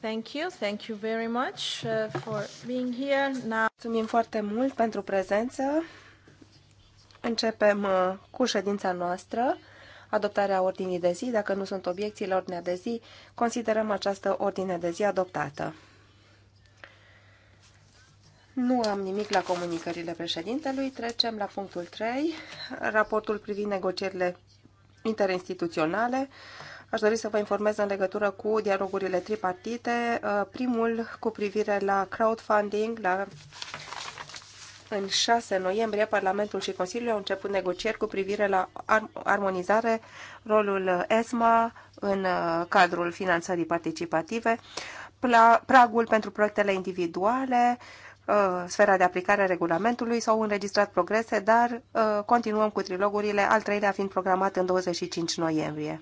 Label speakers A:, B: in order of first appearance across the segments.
A: Thank you, thank you very much uh, for being here. Now... Mulțumim foarte mult pentru prezență. Începem uh, cu ședința noastră, adoptarea ordinii de zi. Dacă nu sunt obiecții la ordinea de zi, considerăm această ordine de zi adoptată. Nu am nimic la comunicările președintelui. Trecem la punctul 3, raportul privind negocierile interinstituționale. Aș dori să vă informez în legătură cu dialogurile tripartite. Uh, primul cu privire la crowdfunding, la în 6 noiembrie, Parlamentul și Consiliul au început negocieri cu privire la armonizare, rolul ESMA în uh, cadrul finanțării participative, pragul pentru proiectele individuale, uh, sfera de aplicare a regulamentului s-au înregistrat progrese, dar continuăm cu trilogurile, al treilea fiind programat în 25 noiembrie.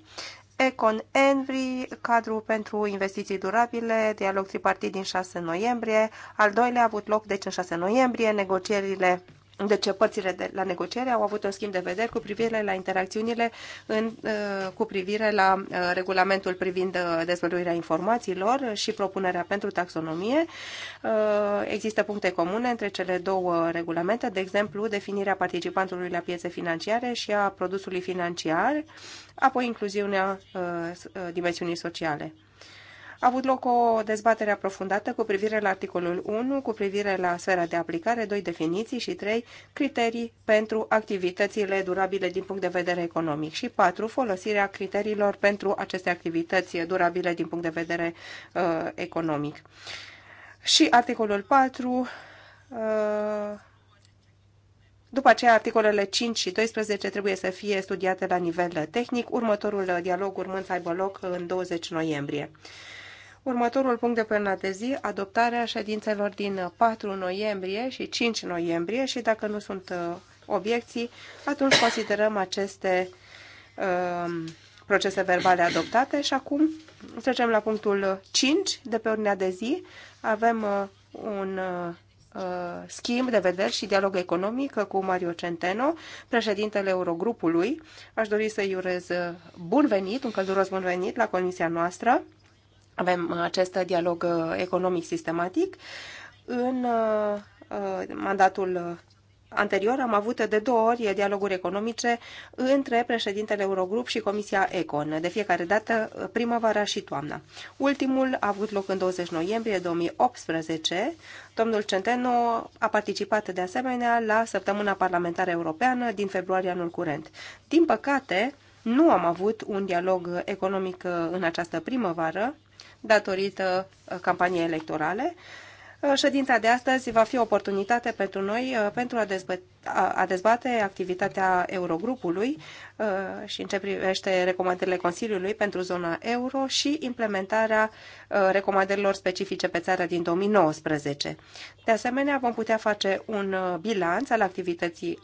A: Econ Envry, cadru pentru investiții durabile, dialog tripartit din 6 noiembrie. Al doilea a avut loc deci în 6 noiembrie, negocierile deci părțile de la negociere au avut un schimb de vedere cu privire la interacțiunile în, uh, cu privire la uh, regulamentul privind uh, dezvăluirea informațiilor și propunerea pentru taxonomie. Există puncte comune între cele două regulamente, de exemplu definirea participantului la piețe financiare și a produsului financiar, apoi incluziunea dimensiunii sociale a avut loc o dezbatere aprofundată cu privire la articolul 1, cu privire la sfera de aplicare, doi definiții și trei criterii pentru activitățile durabile din punct de vedere economic și patru folosirea criteriilor pentru aceste activități durabile din punct de vedere uh, economic. Și articolul 4 uh, după aceea, articolele 5 și 12 trebuie să fie studiate la nivel tehnic, următorul dialog urmând să aibă loc în 20 noiembrie. Următorul punct de pe de zi, adoptarea ședințelor din 4 noiembrie și 5 noiembrie și dacă nu sunt uh, obiecții, atunci considerăm aceste uh, procese verbale adoptate și acum trecem la punctul 5 de pe ordinea de zi. Avem uh, un uh, uh, schimb de vederi și dialog economic cu Mario Centeno, președintele Eurogrupului. Aș dori să-i urez bun venit, un călduros bun venit la comisia noastră. Avem uh, acest dialog uh, economic sistematic. În uh, mandatul anterior am avut de două ori dialoguri economice între președintele Eurogrup și Comisia Econ, de fiecare dată primăvara și toamna. Ultimul a avut loc în 20 noiembrie 2018. Domnul Centeno a participat de asemenea la săptămâna parlamentară europeană din februarie anul curent. Din păcate, nu am avut un dialog economic uh, în această primăvară datorită uh, campaniei electorale. Uh, ședința de astăzi va fi o oportunitate pentru noi uh, pentru a, dezbate, a dezbate activitatea Eurogrupului uh, și în ce privește recomandările Consiliului pentru zona euro și implementarea recomandărilor specifice pe țară din 2019. De asemenea, vom putea face un bilanț al activității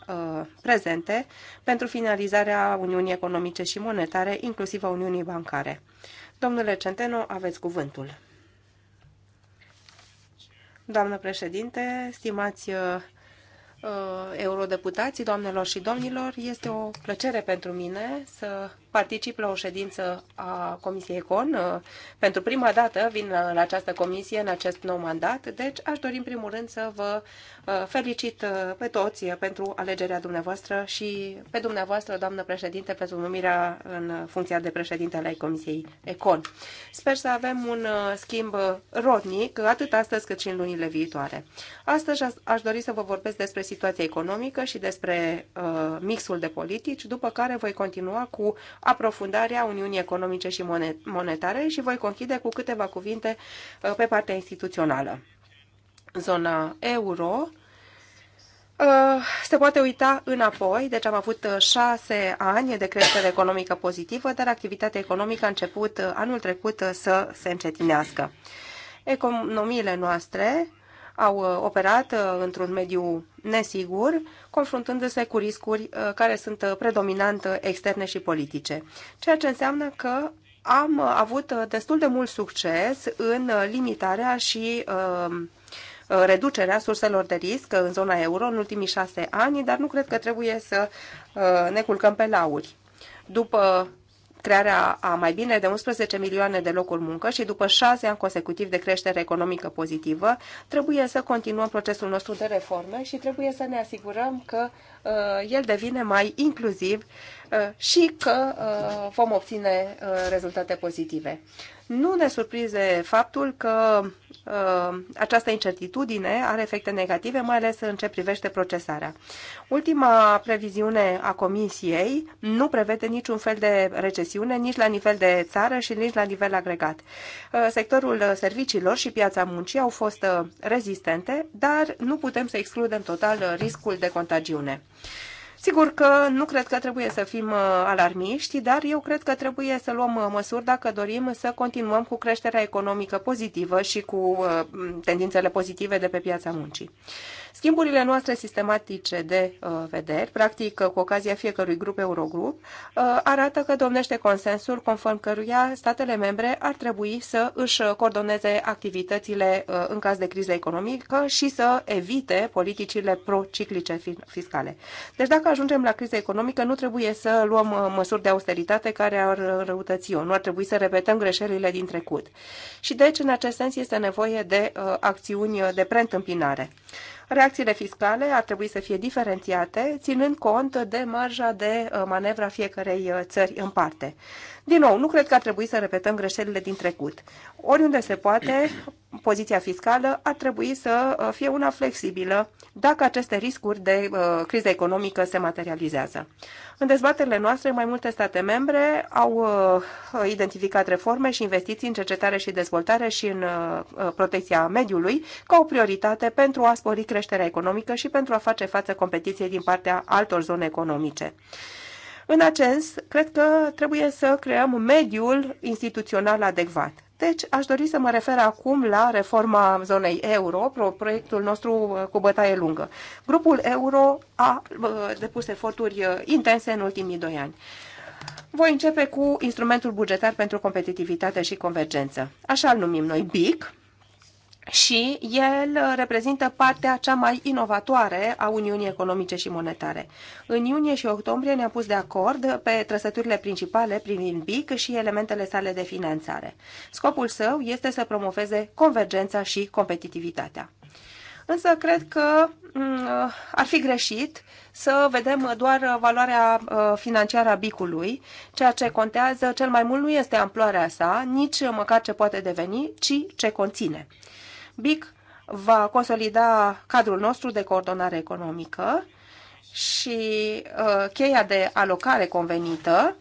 A: prezente pentru finalizarea Uniunii Economice și Monetare, inclusiv a Uniunii Bancare. Domnule Centeno, aveți cuvântul doamnă președinte, stimați uh, uh, eurodeputații, doamnelor și domnilor. Este o plăcere pentru mine să particip la o ședință a Comisiei Econ. Uh, pentru prima dată vin la această comisie în acest nou mandat, deci aș dori în primul rând să vă uh, felicit uh, pe toți pentru alegerea dumneavoastră și pe dumneavoastră, doamnă președinte, pentru numirea în funcția de președinte al Comisiei Econ. Sper să avem un schimb rodnic, atât astăzi cât și în lunile viitoare. Astăzi aș dori să vă vorbesc despre situația economică și despre uh, mixul de politici, după care voi continua cu aprofundarea Uniunii Economice și Monetare și voi conchide cu câteva cuvinte uh, pe partea instituțională. Zona euro uh, se poate uita înapoi, deci am avut uh, șase ani de creștere economică pozitivă, dar activitatea economică a început anul trecut să se încetinească. Economiile noastre au uh, operat uh, într-un mediu nesigur, confruntându-se cu riscuri uh, care sunt predominant externe și politice. Ceea ce înseamnă că am avut destul de mult succes în limitarea și reducerea surselor de risc în zona euro în ultimii șase ani, dar nu cred că trebuie să ne culcăm pe lauri. După crearea a mai bine de 11 milioane de locuri muncă și după șase ani consecutiv de creștere economică pozitivă, trebuie să continuăm procesul nostru de reforme și trebuie să ne asigurăm că uh, el devine mai inclusiv uh, și că uh, vom obține uh, rezultate pozitive. Nu ne surprize faptul că Uh, această incertitudine are efecte negative, mai ales în ce privește procesarea. Ultima previziune a Comisiei nu prevede niciun fel de recesiune nici la nivel de țară și nici la nivel agregat. Uh, sectorul serviciilor și piața muncii au fost uh, rezistente, dar nu putem să excludem total riscul de contagiune. Sigur că nu cred că trebuie să fim uh, alarmiști, dar eu cred că trebuie să luăm uh, măsuri dacă dorim să continuăm cu creșterea economică pozitivă și cu uh, tendințele pozitive de pe piața muncii. Schimburile noastre sistematice de uh, vederi, practic cu ocazia fiecărui grup Eurogrup, uh, arată că domnește consensul conform căruia statele membre ar trebui să își coordoneze activitățile uh, în caz de criză economică și să evite politicile prociclice fiscale. Deci dacă ajungem la criză economică, nu trebuie să luăm uh, măsuri de austeritate care ar răutăți-o. Nu ar trebui să repetăm greșelile din trecut. Și deci, în acest sens, este nevoie de uh, acțiuni de preîntâmpinare. Reacțiile fiscale ar trebui să fie diferențiate, ținând cont de marja de uh, manevră a fiecarei uh, țări în parte. Din nou, nu cred că ar trebui să repetăm greșelile din trecut. Oriunde se poate, poziția fiscală ar trebui să uh, fie una flexibilă dacă aceste riscuri de uh, criză economică se materializează. În dezbaterile noastre, mai multe state membre au uh, identificat reforme și investiții în cercetare și dezvoltare și în uh, uh protecția mediului ca o prioritate pentru a spori creșterea economică și pentru a face față competiției din partea altor zone economice. În acest, cred că trebuie să creăm mediul instituțional adecvat. Deci, aș dori să mă refer acum la reforma zonei euro, proiectul nostru uh, cu bătaie lungă. Grupul euro a uh, depus eforturi uh, intense în ultimii doi ani. Voi începe cu instrumentul bugetar pentru competitivitate și convergență. Așa îl numim noi BIC, și el uh, reprezintă partea cea mai inovatoare a Uniunii Economice și Monetare. În iunie și octombrie ne-am pus de acord pe trăsăturile principale privind BIC și elementele sale de finanțare. Scopul său este să promoveze convergența și competitivitatea. Însă cred că mm, uh, ar fi greșit să vedem doar valoarea uh, financiară a bicului. Ceea ce contează cel mai mult nu este amploarea sa, nici măcar ce poate deveni, ci ce conține. BIC va consolida cadrul nostru de coordonare economică și uh, cheia de alocare convenită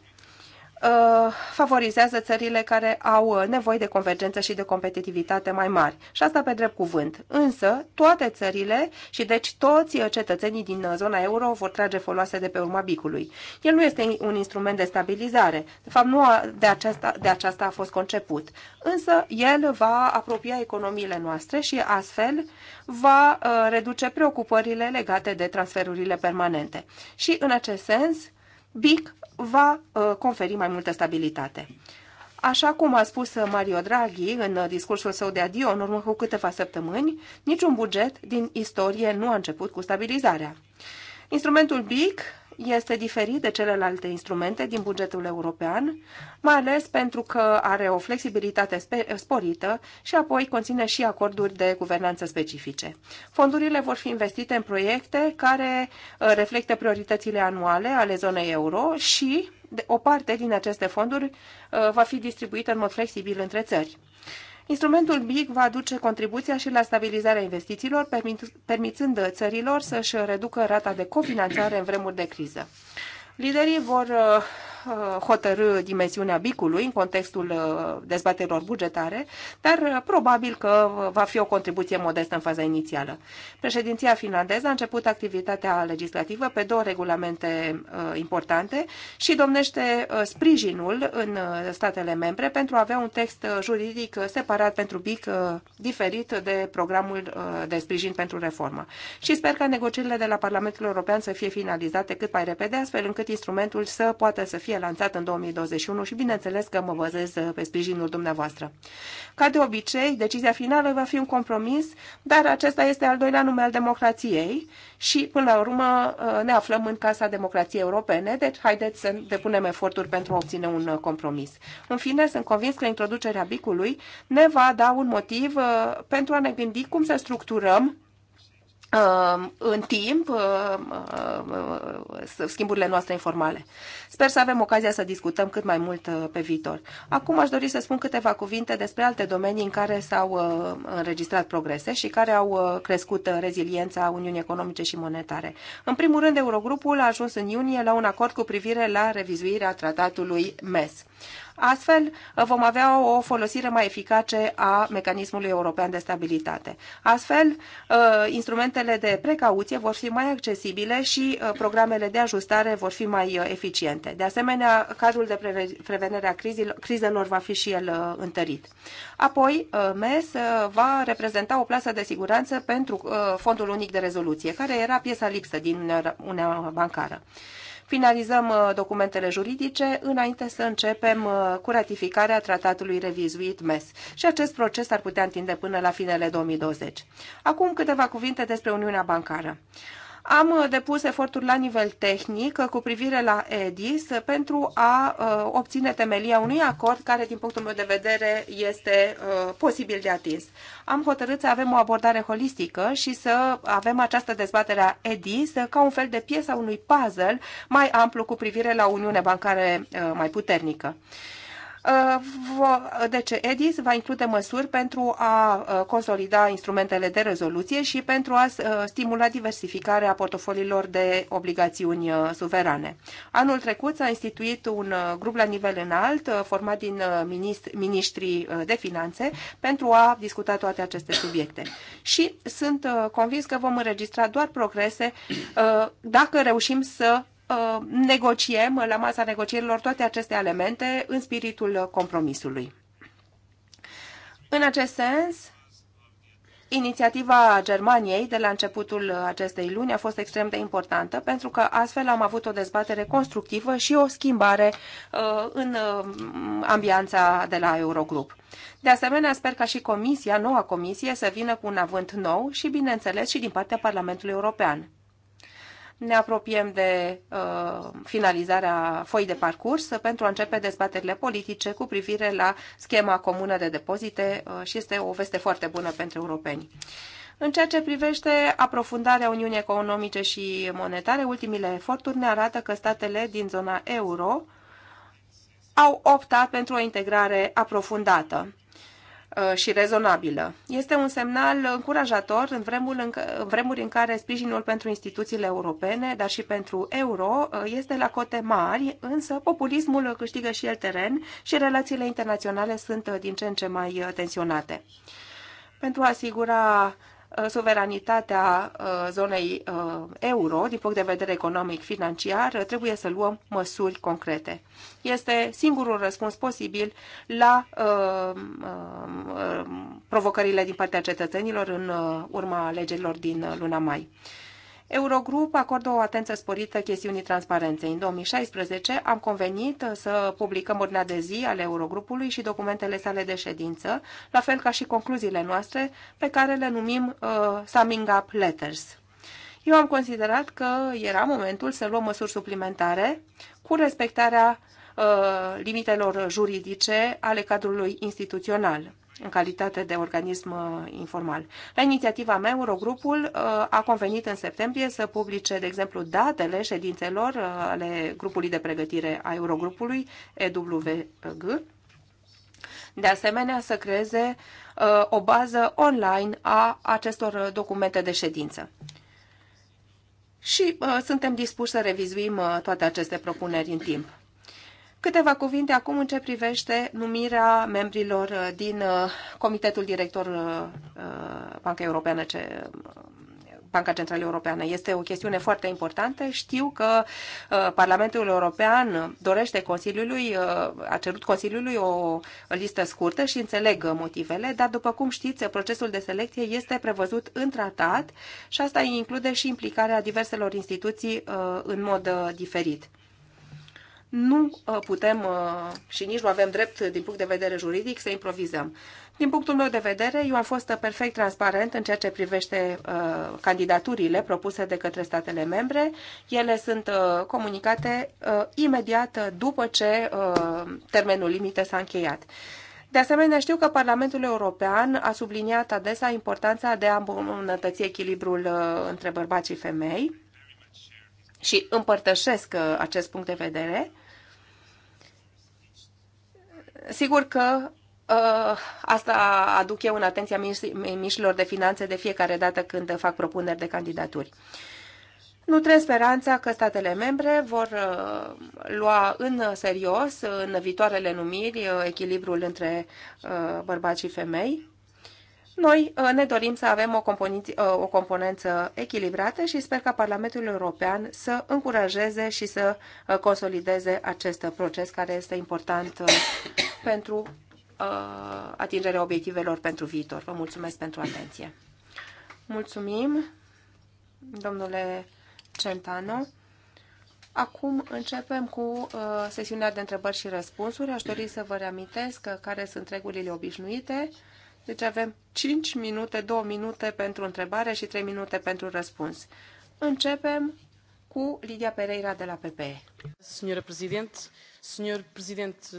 A: Uh, favorizează țările care au uh, nevoie de convergență și de competitivitate mai mari. Și asta pe drept cuvânt. Însă, toate țările și deci toți uh, cetățenii din zona euro vor trage foloase de pe urma bicului. El nu este un instrument de stabilizare. De fapt, nu a, de, aceasta, de aceasta a fost conceput. Însă, el va apropia economiile noastre și astfel va reduce preocupările legate de transferurile permanente. Și, în acest sens, BIC va uh, conferi mai multă stabilitate. Așa cum a spus Mario Draghi în discursul său de adio în urmă cu câteva săptămâni, niciun buget din istorie nu a început cu stabilizarea. Instrumentul BIC este diferit de celelalte instrumente din bugetul european, mai ales pentru că are o flexibilitate sporită și apoi conține și acorduri de guvernanță specifice. Fondurile vor fi investite în proiecte care uh, reflectă prioritățile anuale ale zonei euro și o parte din aceste fonduri uh, va fi distribuită în mod flexibil între țări. Instrumentul BIG va aduce contribuția și la stabilizarea investițiilor, permițând țărilor să-și reducă rata de cofinanțare în vremuri de criză. Liderii vor uh, Uh, hotărâ dimensiunea bicului în contextul uh, dezbaterilor bugetare, dar uh, probabil că va fi o contribuție modestă în faza inițială. Președinția finlandeză a început activitatea legislativă pe două regulamente importante și domnește sprijinul în statele membre pentru a avea un text juridic separat pentru BIC diferit de programul de sprijin pentru reformă. Și sper ca negocierile de la Parlamentul European să fie finalizate cât mai repede, astfel încât instrumentul să poată să fie fie lansat în 2021 și bineînțeles că mă bazez uh, pe sprijinul dumneavoastră. Ca de obicei, decizia finală va fi un compromis, dar acesta este al doilea nume al democrației și, până la urmă, uh, ne aflăm în Casa Democrației Europene, deci haideți să depunem eforturi pentru a obține un uh, compromis. În fine, sunt convins că introducerea bicului ne va da un motiv pentru a ne gândi cum să structurăm Ehm, în timp ehm, ehm, schimburile noastre informale. Sper să avem ocazia să discutăm cât mai mult eh, pe viitor. Acum aș dori să spun câteva cuvinte despre alte domenii în care s-au eh, înregistrat progrese și care au eh, crescut reziliența Uniunii Economice și Monetare. În primul rând, Eurogrupul a ajuns în iunie la un acord cu privire la revizuirea tratatului MES. Astfel, uh, vom avea o folosire mai eficace a mecanismului european de stabilitate. Astfel, uh, instrumentele de precauție vor fi mai accesibile și uh, programele de ajustare vor fi mai eficiente. De asemenea, cadrul de prevenire a crizelor va fi și el întărit. Apoi, MES va reprezenta o plasă de siguranță pentru Fondul Unic de Rezoluție, care era piesa lipsă din Uniunea Bancară finalizăm uh, documentele juridice înainte să începem uh, cu ratificarea tratatului revizuit MES. Și acest proces ar putea întinde până la finele 2020. Acum câteva cuvinte despre Uniunea Bancară. Am uh, depus eforturi la nivel tehnic uh, cu privire la EDIS uh, pentru a obține temelia unui acord care, din punctul meu de vedere, este posibil de atins. Am hotărât să avem o abordare holistică și să avem această dezbatere a EDIS ca un fel de piesă a unui puzzle mai amplu cu privire la Uniune Bancare mai puternică. Deci EDIS va include măsuri pentru a uh, consolida instrumentele de rezoluție și pentru a uh, stimula diversificarea portofoliilor de obligațiuni uh, suverane. Anul trecut s-a instituit un grup la nivel înalt format din ministrii de finanțe pentru a discuta toate aceste subiecte. Și sunt convins că vom înregistra doar progrese dacă reușim să Uh, negociem la masa negocierilor toate aceste elemente în spiritul compromisului. În acest sens, Inițiativa Germaniei de la începutul acestei luni a fost extrem de importantă pentru că astfel am avut o dezbatere constructivă și o schimbare uh, în uh, ambianța de la Eurogrup. De asemenea, sper ca și comisia, noua comisie, să vină cu un avânt nou și, bineînțeles, și din partea Parlamentului European ne apropiem de uh, finalizarea foi de parcurs pentru a începe dezbaterile politice cu privire la schema comună de depozite uh, și este o veste foarte bună pentru europeni. În ceea ce privește aprofundarea Uniunii Economice și Monetare, ultimile eforturi ne arată că statele din zona euro au optat pentru o integrare aprofundată Uh, și rezonabilă. Este un semnal încurajator în, vremul în, în vremuri în care sprijinul pentru instituțiile europene, dar și pentru euro, uh, este la cote mari, însă populismul câștigă și el teren și relațiile internaționale sunt uh, din ce în ce mai tensionate. Pentru a asigura Uh, suveranitatea uh, zonei uh, euro, din punct de vedere economic, financiar, trebuie să luăm măsuri concrete. Este singurul răspuns posibil la provocările din partea cetățenilor în urma alegerilor din luna mai. Eurogrup acordă o atenție sporită chestiunii transparenței. În 2016 am convenit să publicăm ordinea de zi ale Eurogrupului și documentele sale de ședință, la fel ca și concluziile noastre, pe care le numim uh, Summing Up Letters. Eu am considerat că era momentul să luăm măsuri suplimentare cu respectarea uh, limitelor juridice ale cadrului instituțional în calitate de organism uh, informal. La inițiativa mea, Eurogrupul uh, a convenit în septembrie să publice, de exemplu, datele ședințelor uh, ale grupului de pregătire a Eurogrupului, EWG, de asemenea să creeze o bază online a acestor documente de ședință. Și uh, suntem dispuși să revizuim uh, toate aceste propuneri în timp. Câteva cuvinte acum în ce privește numirea membrilor uh, din uh, Comitetul Director uh, Banca Europeană ce Banca Centrală Europeană. Este o chestiune foarte importantă. Știu că uh, Parlamentul European dorește Consiliului, uh, a cerut Consiliului o listă scurtă și înțeleg motivele, dar după cum știți, procesul de selecție este prevăzut în tratat și asta include și implicarea diverselor instituții uh, în mod diferit nu uh, putem uh, și nici nu avem drept din punct de vedere juridic să improvizăm. Din punctul meu de vedere, eu am fost perfect transparent în ceea ce privește uh, candidaturile propuse de către statele membre. Ele sunt uh, comunicate uh, imediat după ce uh, termenul limite s-a încheiat. De asemenea, știu că Parlamentul European a subliniat adesea importanța de a îmbunătăți echilibrul uh, între bărbați și femei și împărtășesc uh, acest punct de vedere. Sigur că uh, asta aduc eu în atenția mișilor de finanțe de fiecare dată când fac propuneri de candidaturi. Nu trebuie speranța că statele membre vor uh, lua în serios, în viitoarele numiri, uh, echilibrul între bărbați și femei noi uh, ne dorim să avem o, uh, o componență echilibrată și sper ca Parlamentul European să încurajeze și să uh, consolideze acest proces care este important pentru atingerea obiectivelor pentru viitor. Vă mulțumesc pentru atenție. Mulțumim, domnule Centano. Acum începem cu uh, sesiunea de întrebări și răspunsuri. Aș dori să vă reamintesc care sunt regulile obișnuite. Deci avem 5 minute, 2 minute pentru întrebare și 3 minute pentru răspuns. Începem cu Lidia Pereira de la PPE. Signora prezident,
B: signor prezident...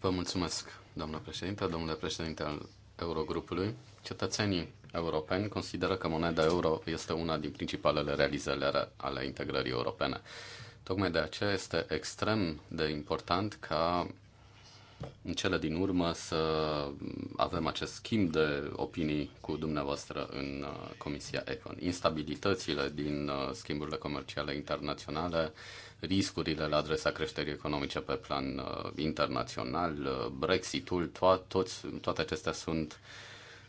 B: Vă mulțumesc, doamnă președinte, domnule președinte al Eurogrupului. Cetățenii europeni consideră că moneda euro este una din principalele realizări ale integrării europene. Tocmai de aceea este extrem de important ca în cele din urmă să avem acest schimb de opinii cu dumneavoastră în uh, Comisia Econ. Instabilitățile din uh, schimburile comerciale internaționale, riscurile la adresa creșterii economice pe plan uh, internațional, Brexitul, to- toți, toate acestea sunt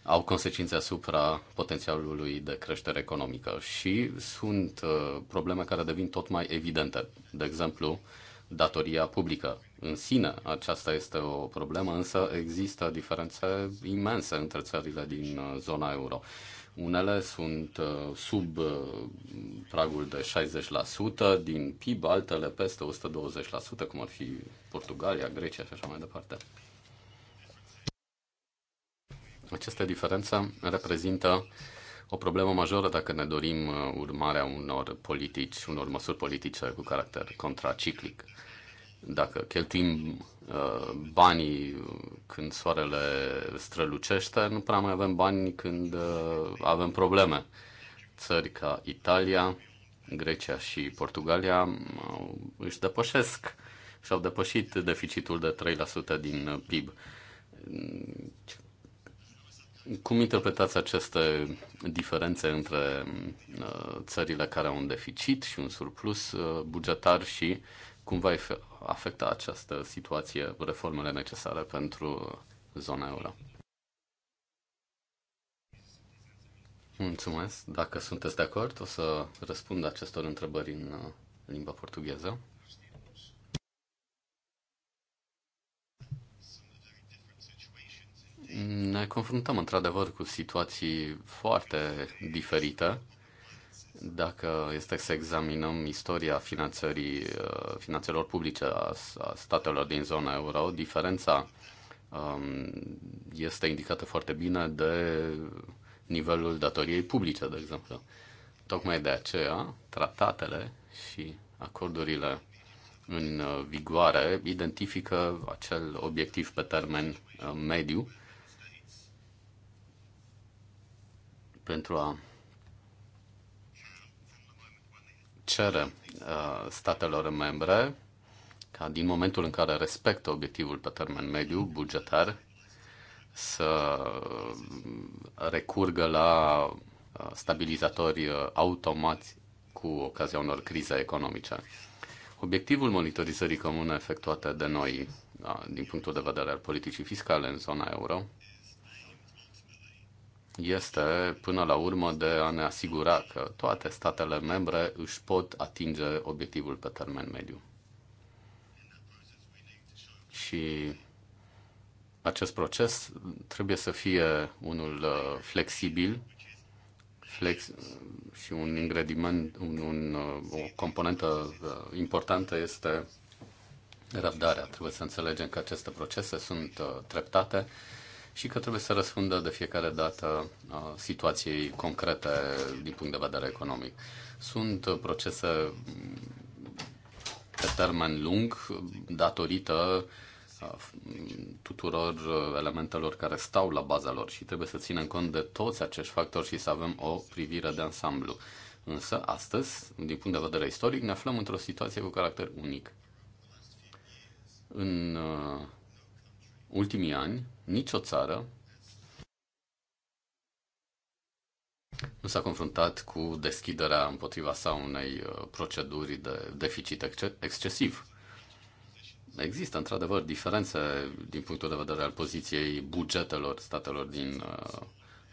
B: au consecințe asupra potențialului de creștere economică și sunt uh, probleme care devin tot mai evidente. De exemplu, uh, datoria publică. În sine aceasta este o problemă, însă există diferențe imense între țările din uh, zona euro. Unele sunt uh, sub uh, pragul de 60% din PIB, altele peste 120%, cum ar fi Portugalia, Grecia și așa mai departe. Aceste diferențe reprezintă o problemă majoră dacă ne dorim uh, urmarea unor politici, unor măsuri politice cu caracter contraciclic. Dacă cheltuim uh, banii când soarele strălucește, nu prea mai avem bani când uh, avem probleme. Țări ca Italia, Grecia și Portugalia își depășesc și au depășit deficitul de 3% din PIB cum interpretați aceste diferențe între uh, țările care au un deficit și un surplus uh, bugetar și cum va afecta această situație reformele necesare pentru zona euro? Mulțumesc. Dacă sunteți de acord, o să răspund acestor întrebări în uh, limba portugheză. Ne confruntăm într-adevăr cu situații foarte diferite. Dacă este să examinăm istoria finanțării, uh, finanțelor publice a, statelor din zona euro, diferența um, este indicată foarte bine de nivelul datoriei publice, de exemplu. Tocmai de aceea, tratatele și acordurile în uh, vigoare identifică acel obiectiv pe termen uh, mediu pentru a cere uh, statelor membre ca din momentul în care respectă obiectivul pe termen mediu bugetar să recurgă la uh, stabilizatori uh, automați cu ocazia unor crize economice. Obiectivul monitorizării comune efectuate de noi din punctul de vedere al politicii fiscale în zona euro este până la urmă de a ne asigura că toate statele membre își pot atinge obiectivul pe termen mediu. Și acest proces trebuie să fie unul uh, flexibil flex și un ingredient, un, un, uh, o componentă uh, importantă este răbdarea. Trebuie să înțelegem că aceste procese sunt treptate și că trebuie să răspundă de fiecare dată uh, situației concrete din punct de vedere economic. Sunt uh, procese mm, pe termen lung datorită uh, tuturor elementelor care stau la baza lor și trebuie să ținem cont de toți acești factori și să avem o privire de ansamblu. Însă, astăzi, din punct de vedere istoric, ne aflăm într-o situație cu caracter unic. În ultimii ani, Nicio țară nu s-a confruntat cu deschiderea împotriva sa unei uh, proceduri de deficit excesiv. Există, într-adevăr, diferențe din punctul de vedere al poziției bugetelor statelor din uh,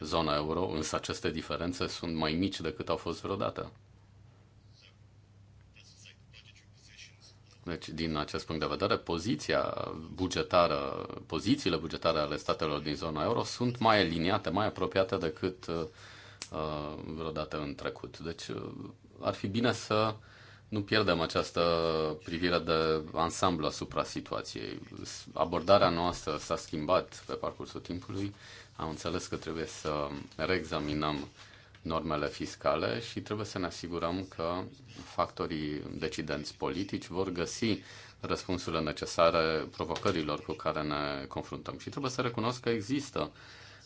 B: zona euro, însă aceste diferențe sunt mai mici decât au fost vreodată. Deci, din acest punct de vedere, poziția bugetară, pozițiile bugetare ale statelor din zona euro sunt mai aliniate, mai apropiate decât uh, vreodată în trecut. Deci, uh, ar fi bine să nu pierdem această privire de ansamblu asupra situației. Abordarea noastră s-a schimbat pe parcursul timpului. Am înțeles că trebuie să reexaminăm uh, normele fiscale și trebuie să ne asigurăm că factorii decidenți politici vor găsi răspunsurile necesare provocărilor cu care ne confruntăm. Și trebuie să recunosc că există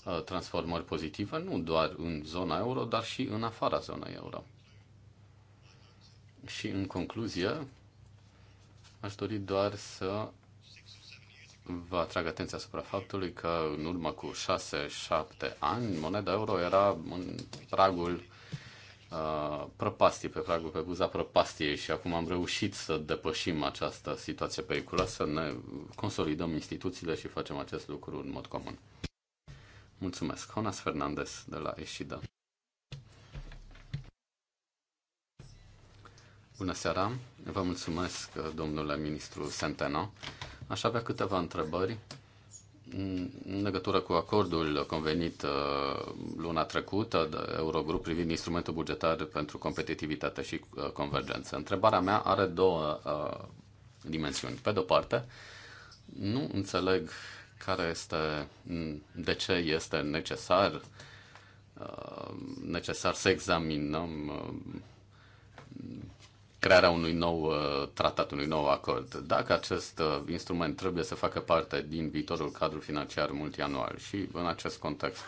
B: uh, transformări pozitive, nu doar în zona euro, dar și în afara zonei euro. Și în concluzie, aș dori doar să vă atrag atenția asupra faptului că în urmă cu 6-7 ani moneda euro era în pragul uh, prăpastiei, pe pragul, pe buza prăpastiei și acum am reușit să depășim această situație periculoasă, ne consolidăm instituțiile și facem acest lucru în mod comun. Mulțumesc. Jonas Fernandez de la Eșida. Bună seara! Vă mulțumesc, domnule ministru Centeno. Aș avea câteva întrebări în legătură cu acordul convenit uh, luna trecută de Eurogrup privind instrumentul bugetar pentru competitivitate și uh, convergență. Întrebarea mea are două uh, dimensiuni. Pe de-o parte, nu înțeleg care este, mm, de ce este necesar, necesar să examinăm crearea unui nou uh, tratat, unui nou acord. Dacă acest uh, instrument trebuie să facă parte din viitorul cadru financiar multianual și în acest context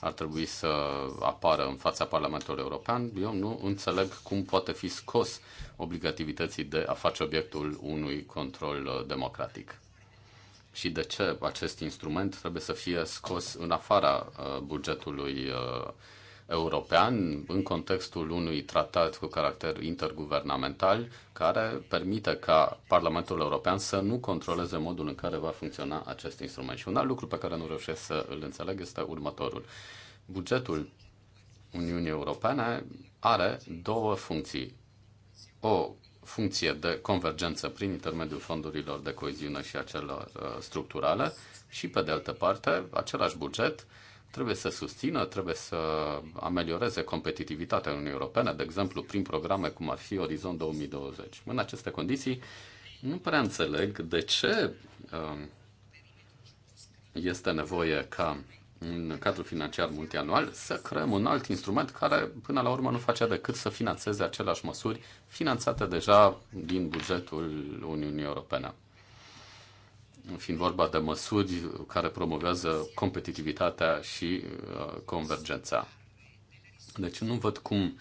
B: ar trebui să apară în fața Parlamentului European, eu nu înțeleg cum poate fi scos obligativității de a face obiectul unui control uh, democratic. Și de ce acest instrument trebuie să fie scos în afara bugetului european în contextul unui tratat cu caracter interguvernamental care permite ca Parlamentul European să nu controleze modul în care va funcționa acest instrument. Și un alt lucru pe care nu reușesc să îl înțeleg este următorul. Bugetul Uniunii Europene are două funcții. O funcție de convergență prin intermediul fondurilor de coeziune și a celor uh, structurale și, pe de altă parte, același buget uh, trebuie să susțină, trebuie să amelioreze competitivitatea Uniunii Europene, de exemplu, prin programe cum ar fi Orizont 2020. În aceste condiții, nu prea înțeleg de ce um, este nevoie ca în cadrul financiar multianual să creăm un alt instrument care până la urmă nu face decât să financeze aceleași măsuri finanțate deja din bugetul Uniunii Europene fiind vorba de măsuri care promovează competitivitatea și uh, convergența. Deci nu văd cum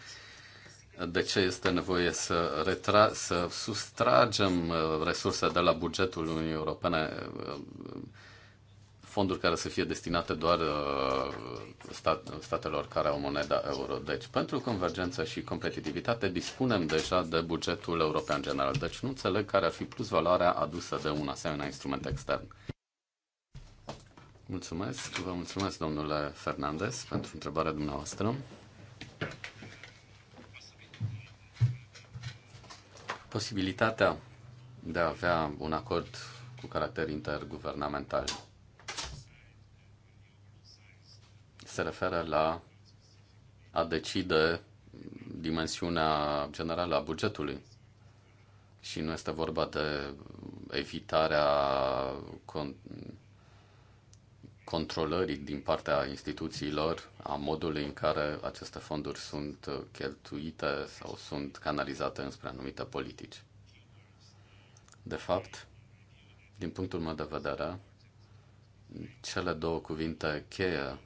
B: de ce este nevoie să, retra- să sustragem uh, resurse de la bugetul Uniunii Europene uh, fonduri care să fie destinate doar uh, stat, statelor care au moneda euro. Deci, pentru convergență și competitivitate dispunem deja de bugetul european general. Deci, nu înțeleg care ar fi plus valoarea adusă de un asemenea instrument extern. Mulțumesc, vă mulțumesc, domnule Fernandez, pentru întrebarea dumneavoastră. Posibilitatea de a avea un acord cu caracter interguvernamental se referă la a decide dimensiunea generală a bugetului. Și nu este vorba de evitarea con- controlării din partea instituțiilor a modului în care aceste fonduri sunt cheltuite sau sunt canalizate înspre anumite politici. De fapt, din punctul meu de vedere, cele două cuvinte cheie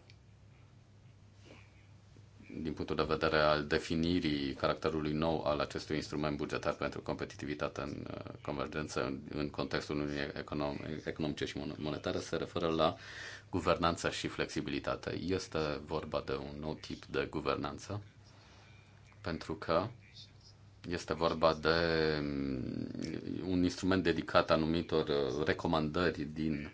B: din punctul de vedere al definirii caracterului nou al acestui instrument bugetar pentru competitivitate în uh, convergență în contextul econom, Economice și Monetare se referă la guvernanță și flexibilitate. Este vorba de un nou tip de guvernanță pentru că este vorba de mm, un instrument dedicat anumitor uh, recomandări din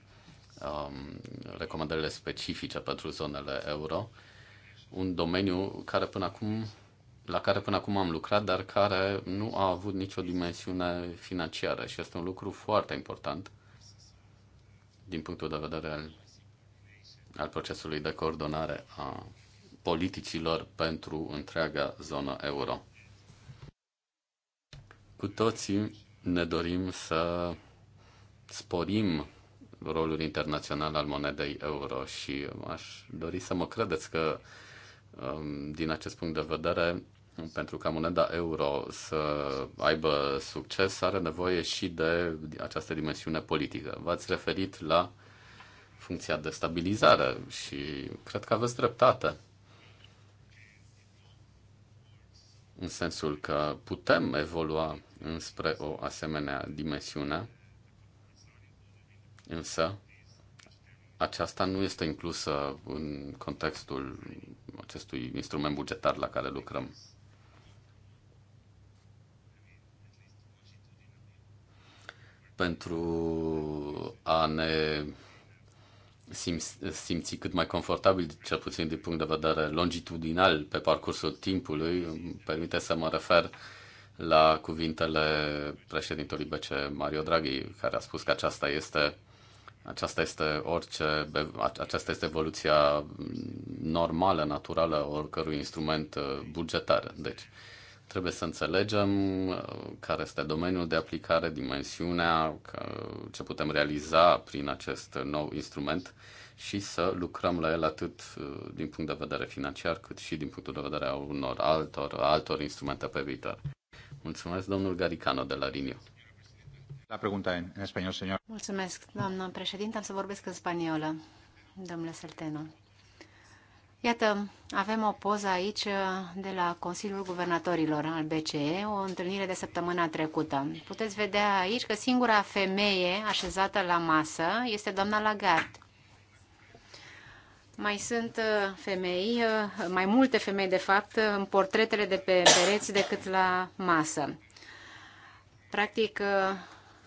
B: um, recomandările specifice pentru zonele euro un domeniu care până acum, la care până acum am lucrat, dar care nu a avut nicio dimensiune financiară și este un lucru foarte important din punctul de vedere al, al procesului de coordonare a politicilor pentru întreaga zonă euro. Cu toții ne dorim să sporim rolul internațional al monedei euro și aș dori să mă credeți că Um, din acest punct de vedere, pentru ca moneda euro să aibă succes, are nevoie și de această dimensiune politică. V-ați referit la funcția de stabilizare și cred că aveți dreptate. În sensul că putem evolua înspre o asemenea dimensiune, însă aceasta nu este inclusă în contextul acestui instrument bugetar la care lucrăm. Pentru a ne simți, simți cât mai confortabil, cel puțin din punct de vedere longitudinal, pe parcursul timpului, îmi permite să mă refer la cuvintele președintelui BC Mario Draghi, care a spus că aceasta este aceasta este orice, aceasta este evoluția normală, naturală oricărui instrument uh, bugetar. Deci, trebuie să înțelegem uh, care este domeniul de aplicare, dimensiunea, uh, ce putem realiza prin acest nou instrument și să lucrăm la el atât din punct de vedere financiar, cât și din punctul de vedere al unor altor, altor instrumente pe viitor. Mulțumesc, domnul Garicano de la Rinio. La pregunta în, în spaniol, señor.
C: Mulțumesc, doamnă președinte. Am să vorbesc în spaniolă, domnule Săltenu. Iată, avem o poză aici uh, de la Consiliul Guvernatorilor al BCE, o întâlnire de săptămâna trecută. Puteți vedea aici că singura femeie așezată la masă este doamna Lagarde. Mai sunt uh, femei, uh, mai multe femei de fapt, în portretele de pe pereți decât la masă. Practic,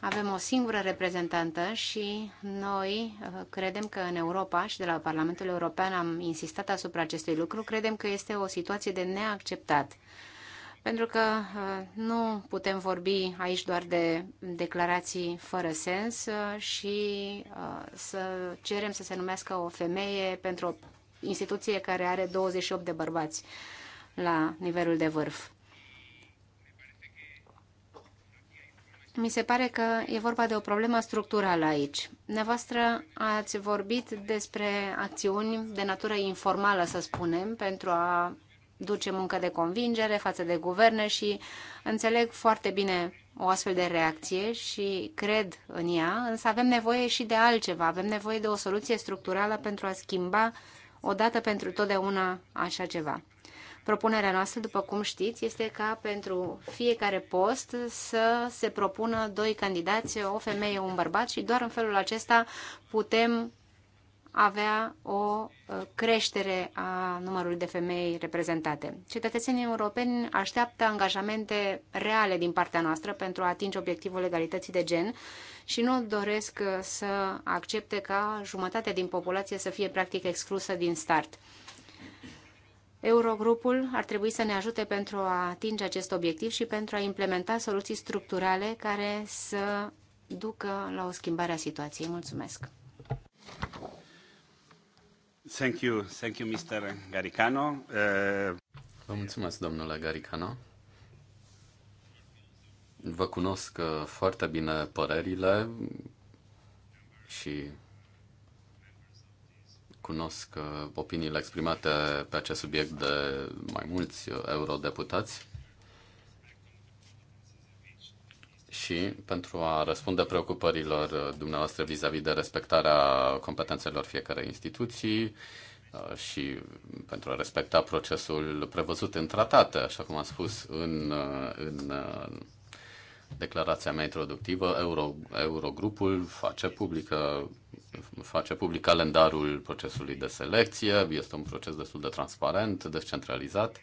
C: avem o singură reprezentantă și noi uh, credem că în Europa și de la Parlamentul European am insistat asupra acestui lucru, credem că este o situație de neacceptat. Pentru că uh, nu putem vorbi aici doar de declarații fără sens uh, și să cerem să se numească o femeie pentru o instituție care are 28 de bărbați la nivelul de vârf. Mi se pare că e vorba de o problemă structurală aici. Nevoastră ați vorbit despre acțiuni de natură informală, să spunem, pentru a duce muncă de convingere față de guverne și înțeleg foarte bine o astfel de reacție și cred în ea, însă avem nevoie și de altceva. Avem nevoie de o soluție structurală pentru a schimba odată pentru totdeauna așa ceva. Propunerea noastră, după cum știți, este ca pentru fiecare post să se propună doi candidați, o femeie, un bărbat și doar în felul acesta putem avea o uh, creștere a numărului de femei reprezentate. Cetățenii europeni așteaptă angajamente reale din partea noastră pentru a atinge obiectivul egalității de gen și nu doresc să accepte ca jumătate din populație să fie practic exclusă din start. Eurogrupul ar trebui să ne ajute pentru a atinge acest obiectiv și pentru a implementa soluții structurale care să ducă la o schimbare a situației. Mulțumesc!
B: Thank you, thank you, Mr. Garicano. Uh... Vă mulțumesc, domnule Garicano. Vă cunosc uh, foarte bine părerile și cunosc uh, opiniile exprimate pe acest subiect de mai mulți uh, eurodeputați. Și pentru a răspunde preocupărilor uh, dumneavoastră vis-a-vis -vis de respectarea competențelor fiecarei instituții și pentru a respecta procesul prevăzut în tratate, așa cum am spus în, în declarația mea introductivă, Euro, Eurogrupul face publică face public calendarul procesului de selecție, este un proces destul de transparent, descentralizat,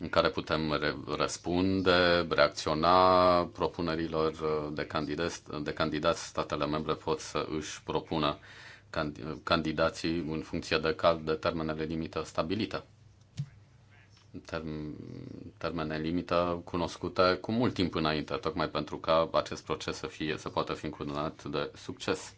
B: în care putem re- răspunde, reacționa propunerilor de candidat. de candidați. Statele membre pot să își propună candidații în funcție de, cal, de termenele limită stabilită termene limită cunoscute cu mult timp înainte, tocmai pentru ca acest proces să, fie, să poată fi încununat de succes.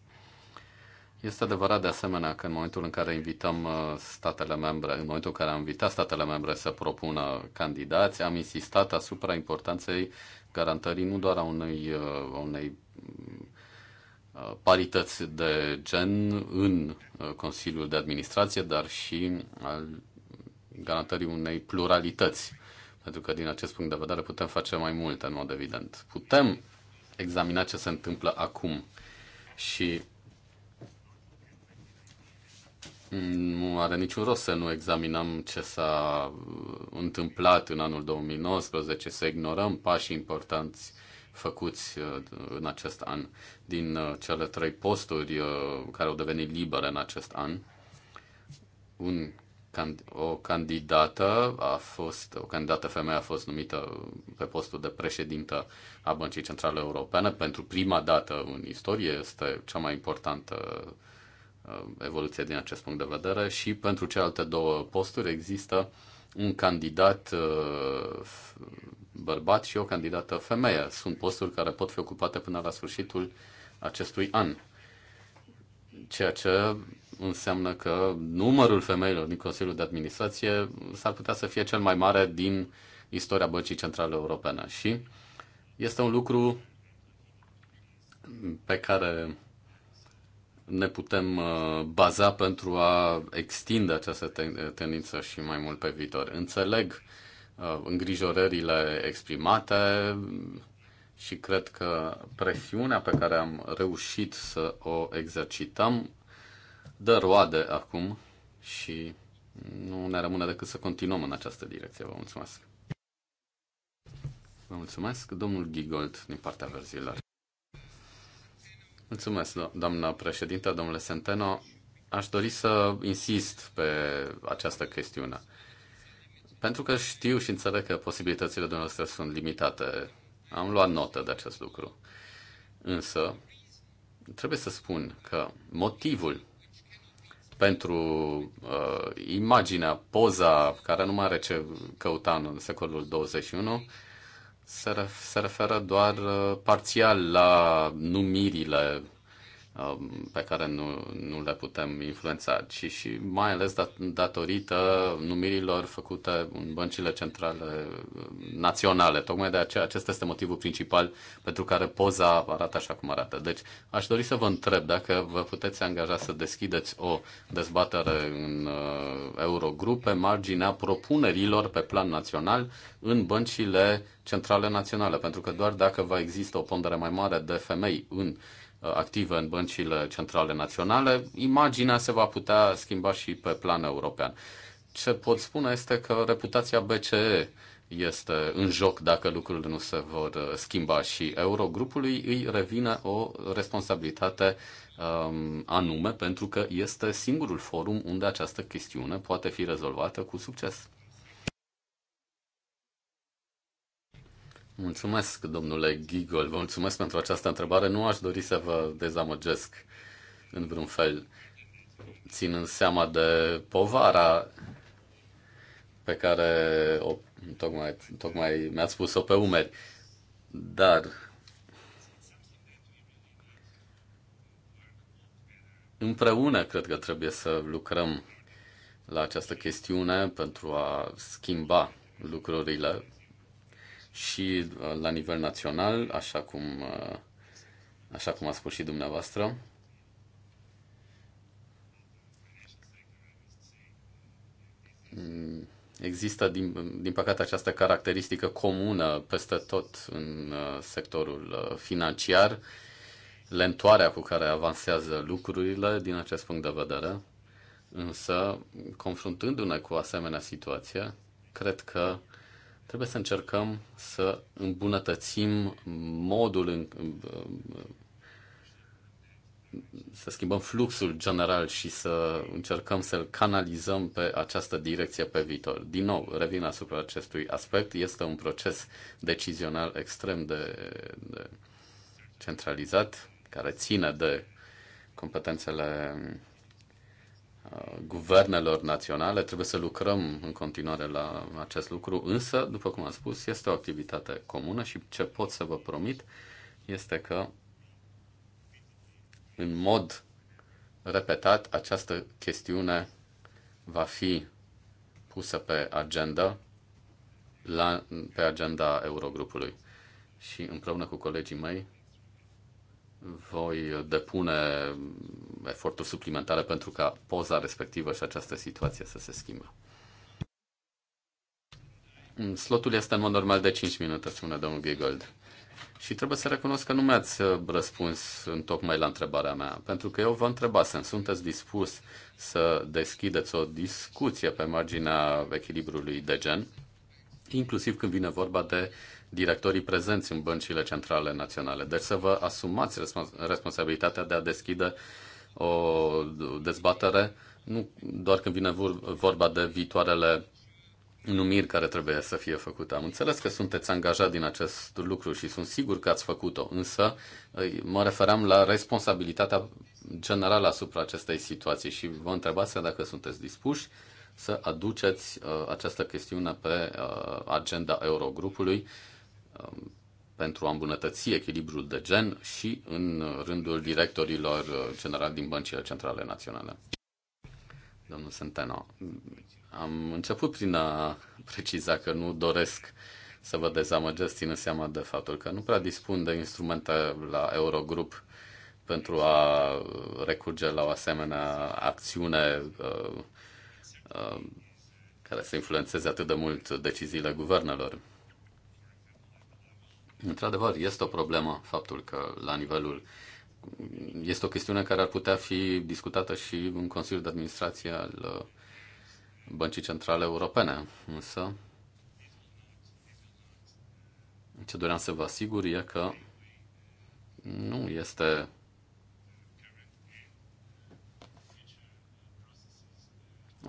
B: Este adevărat de asemenea că în momentul în care invităm uh, statele membre, în momentul în care am invitat statele membre să propună candidați, am insistat asupra importanței garantării nu doar a unei, uh, a unei uh, parități de gen în Consiliul de Administrație, dar și al garantării unei pluralități. Pentru că din acest punct de vedere putem face mai multe, în mod evident. Putem examina ce se întâmplă acum și nu are niciun rost să nu examinăm ce s-a întâmplat în anul 2019, să ignorăm pașii importanți făcuți uh, în acest an din uh, cele trei posturi uh, care au devenit libere în acest an. Un o candidată a fost, o candidată femeie a fost numită pe postul de președintă a Băncii Centrale Europene pentru prima dată în istorie, este cea mai importantă uh, evoluție din acest punct de vedere și pentru celelalte două posturi există un candidat uh, bărbat și o candidată femeie. Sunt posturi care pot fi ocupate până la sfârșitul acestui an ceea ce înseamnă că numărul femeilor din Consiliul de Administrație s-ar putea să fie cel mai mare din istoria Băncii Centrale Europene și este un lucru pe care ne putem uh, baza pentru a extinde această tendință și mai mult pe viitor. Înțeleg uh, îngrijorările exprimate și cred că presiunea pe care am reușit să o exercităm dă roade acum și nu ne rămâne decât să continuăm în această direcție. Vă mulțumesc! Vă mulțumesc, domnul Gigold, din partea verzilor. Mulțumesc, do- doamna președintă, domnule Senteno. Aș dori să insist pe această chestiune. Pentru că știu și înțeleg că posibilitățile dumneavoastră sunt limitate. Am luat notă de acest lucru. Însă, trebuie să spun că motivul pentru uh, imaginea, poza, care nu mai are ce căuta în secolul 21, se, ref, se referă doar uh, parțial la numirile Um, pe care nu, nu le putem influența, ci și mai ales dat, datorită numirilor făcute în băncile centrale um, naționale. Tocmai de aceea acesta este motivul principal pentru care poza arată așa cum arată. Deci aș dori să vă întreb dacă vă puteți angaja să deschideți o dezbatere în uh, Eurogrup pe marginea propunerilor pe plan național în băncile centrale naționale, pentru că doar dacă va exista o pondere mai mare de femei în uh, Uh, active în băncile centrale naționale, imaginea se va putea schimba și pe plan european. Ce pot spune este că reputația BCE este în joc dacă lucrurile nu se vor uh, schimba și Eurogrupului îi revine o responsabilitate um, anume pentru că este singurul forum unde această chestiune poate fi rezolvată cu succes. Mulțumesc, domnule Gigol, vă mulțumesc pentru această întrebare. Nu aș dori să vă dezamăgesc în vreun fel, ținând seama de povara pe care o, tocmai, tocmai mi-ați pus-o pe umeri. Dar împreună cred că trebuie să lucrăm la această chestiune pentru a schimba lucrurile și uh, la nivel național, așa cum, uh, așa cum a spus și dumneavoastră. Mm, există, din, din păcate, această caracteristică comună peste tot în uh, sectorul financiar, lentoarea cu care avansează lucrurile din acest punct de vedere. Însă, confruntându-ne cu asemenea situație, cred că Trebuie să încercăm să îmbunătățim modul în, să schimbăm fluxul general și să încercăm să-l canalizăm pe această direcție pe viitor. Din nou, revin asupra acestui aspect, este un proces decizional extrem de, de centralizat, care ține de competențele guvernelor naționale. Trebuie să lucrăm în continuare la acest lucru, însă, după cum am spus, este o activitate comună și ce pot să vă promit este că în mod repetat această chestiune va fi pusă pe agenda la, pe agenda Eurogrupului. Și împreună cu colegii mei voi depune eforturi suplimentare pentru ca poza respectivă și această situație să se schimbe. Slotul este în mod normal de 5 minute, spune domnul Giggold. Și trebuie să recunosc că nu mi-ați răspuns în tocmai la întrebarea mea, pentru că eu vă întrebasem, sunteți dispus să deschideți o discuție pe marginea echilibrului de gen, inclusiv când vine vorba de directorii prezenți în băncile centrale naționale. Deci să vă asumați respons- responsabilitatea de a deschide o dezbatere, nu doar când vine vorba de viitoarele numiri care trebuie să fie făcute. Am înțeles că sunteți angajat din acest lucru și sunt sigur că ați făcut-o, însă mă referam la responsabilitatea generală asupra acestei situații și vă întrebați dacă sunteți dispuși să aduceți uh, această chestiune pe uh, agenda Eurogrupului pentru a îmbunătăți echilibrul de gen și în rândul directorilor generali din băncile centrale naționale. Domnul Senteno, am început prin a preciza că nu doresc să vă dezamăgesc ținând seama de faptul că nu prea dispun de instrumente la Eurogrup pentru a recurge la o asemenea acțiune uh, uh, care să influențeze atât de mult deciziile guvernelor. Într-adevăr, este o problemă faptul că la nivelul este o chestiune care ar putea fi discutată și în Consiliul de Administrație al uh, Băncii Centrale Europene. Însă, ce doream să vă asigur e că nu este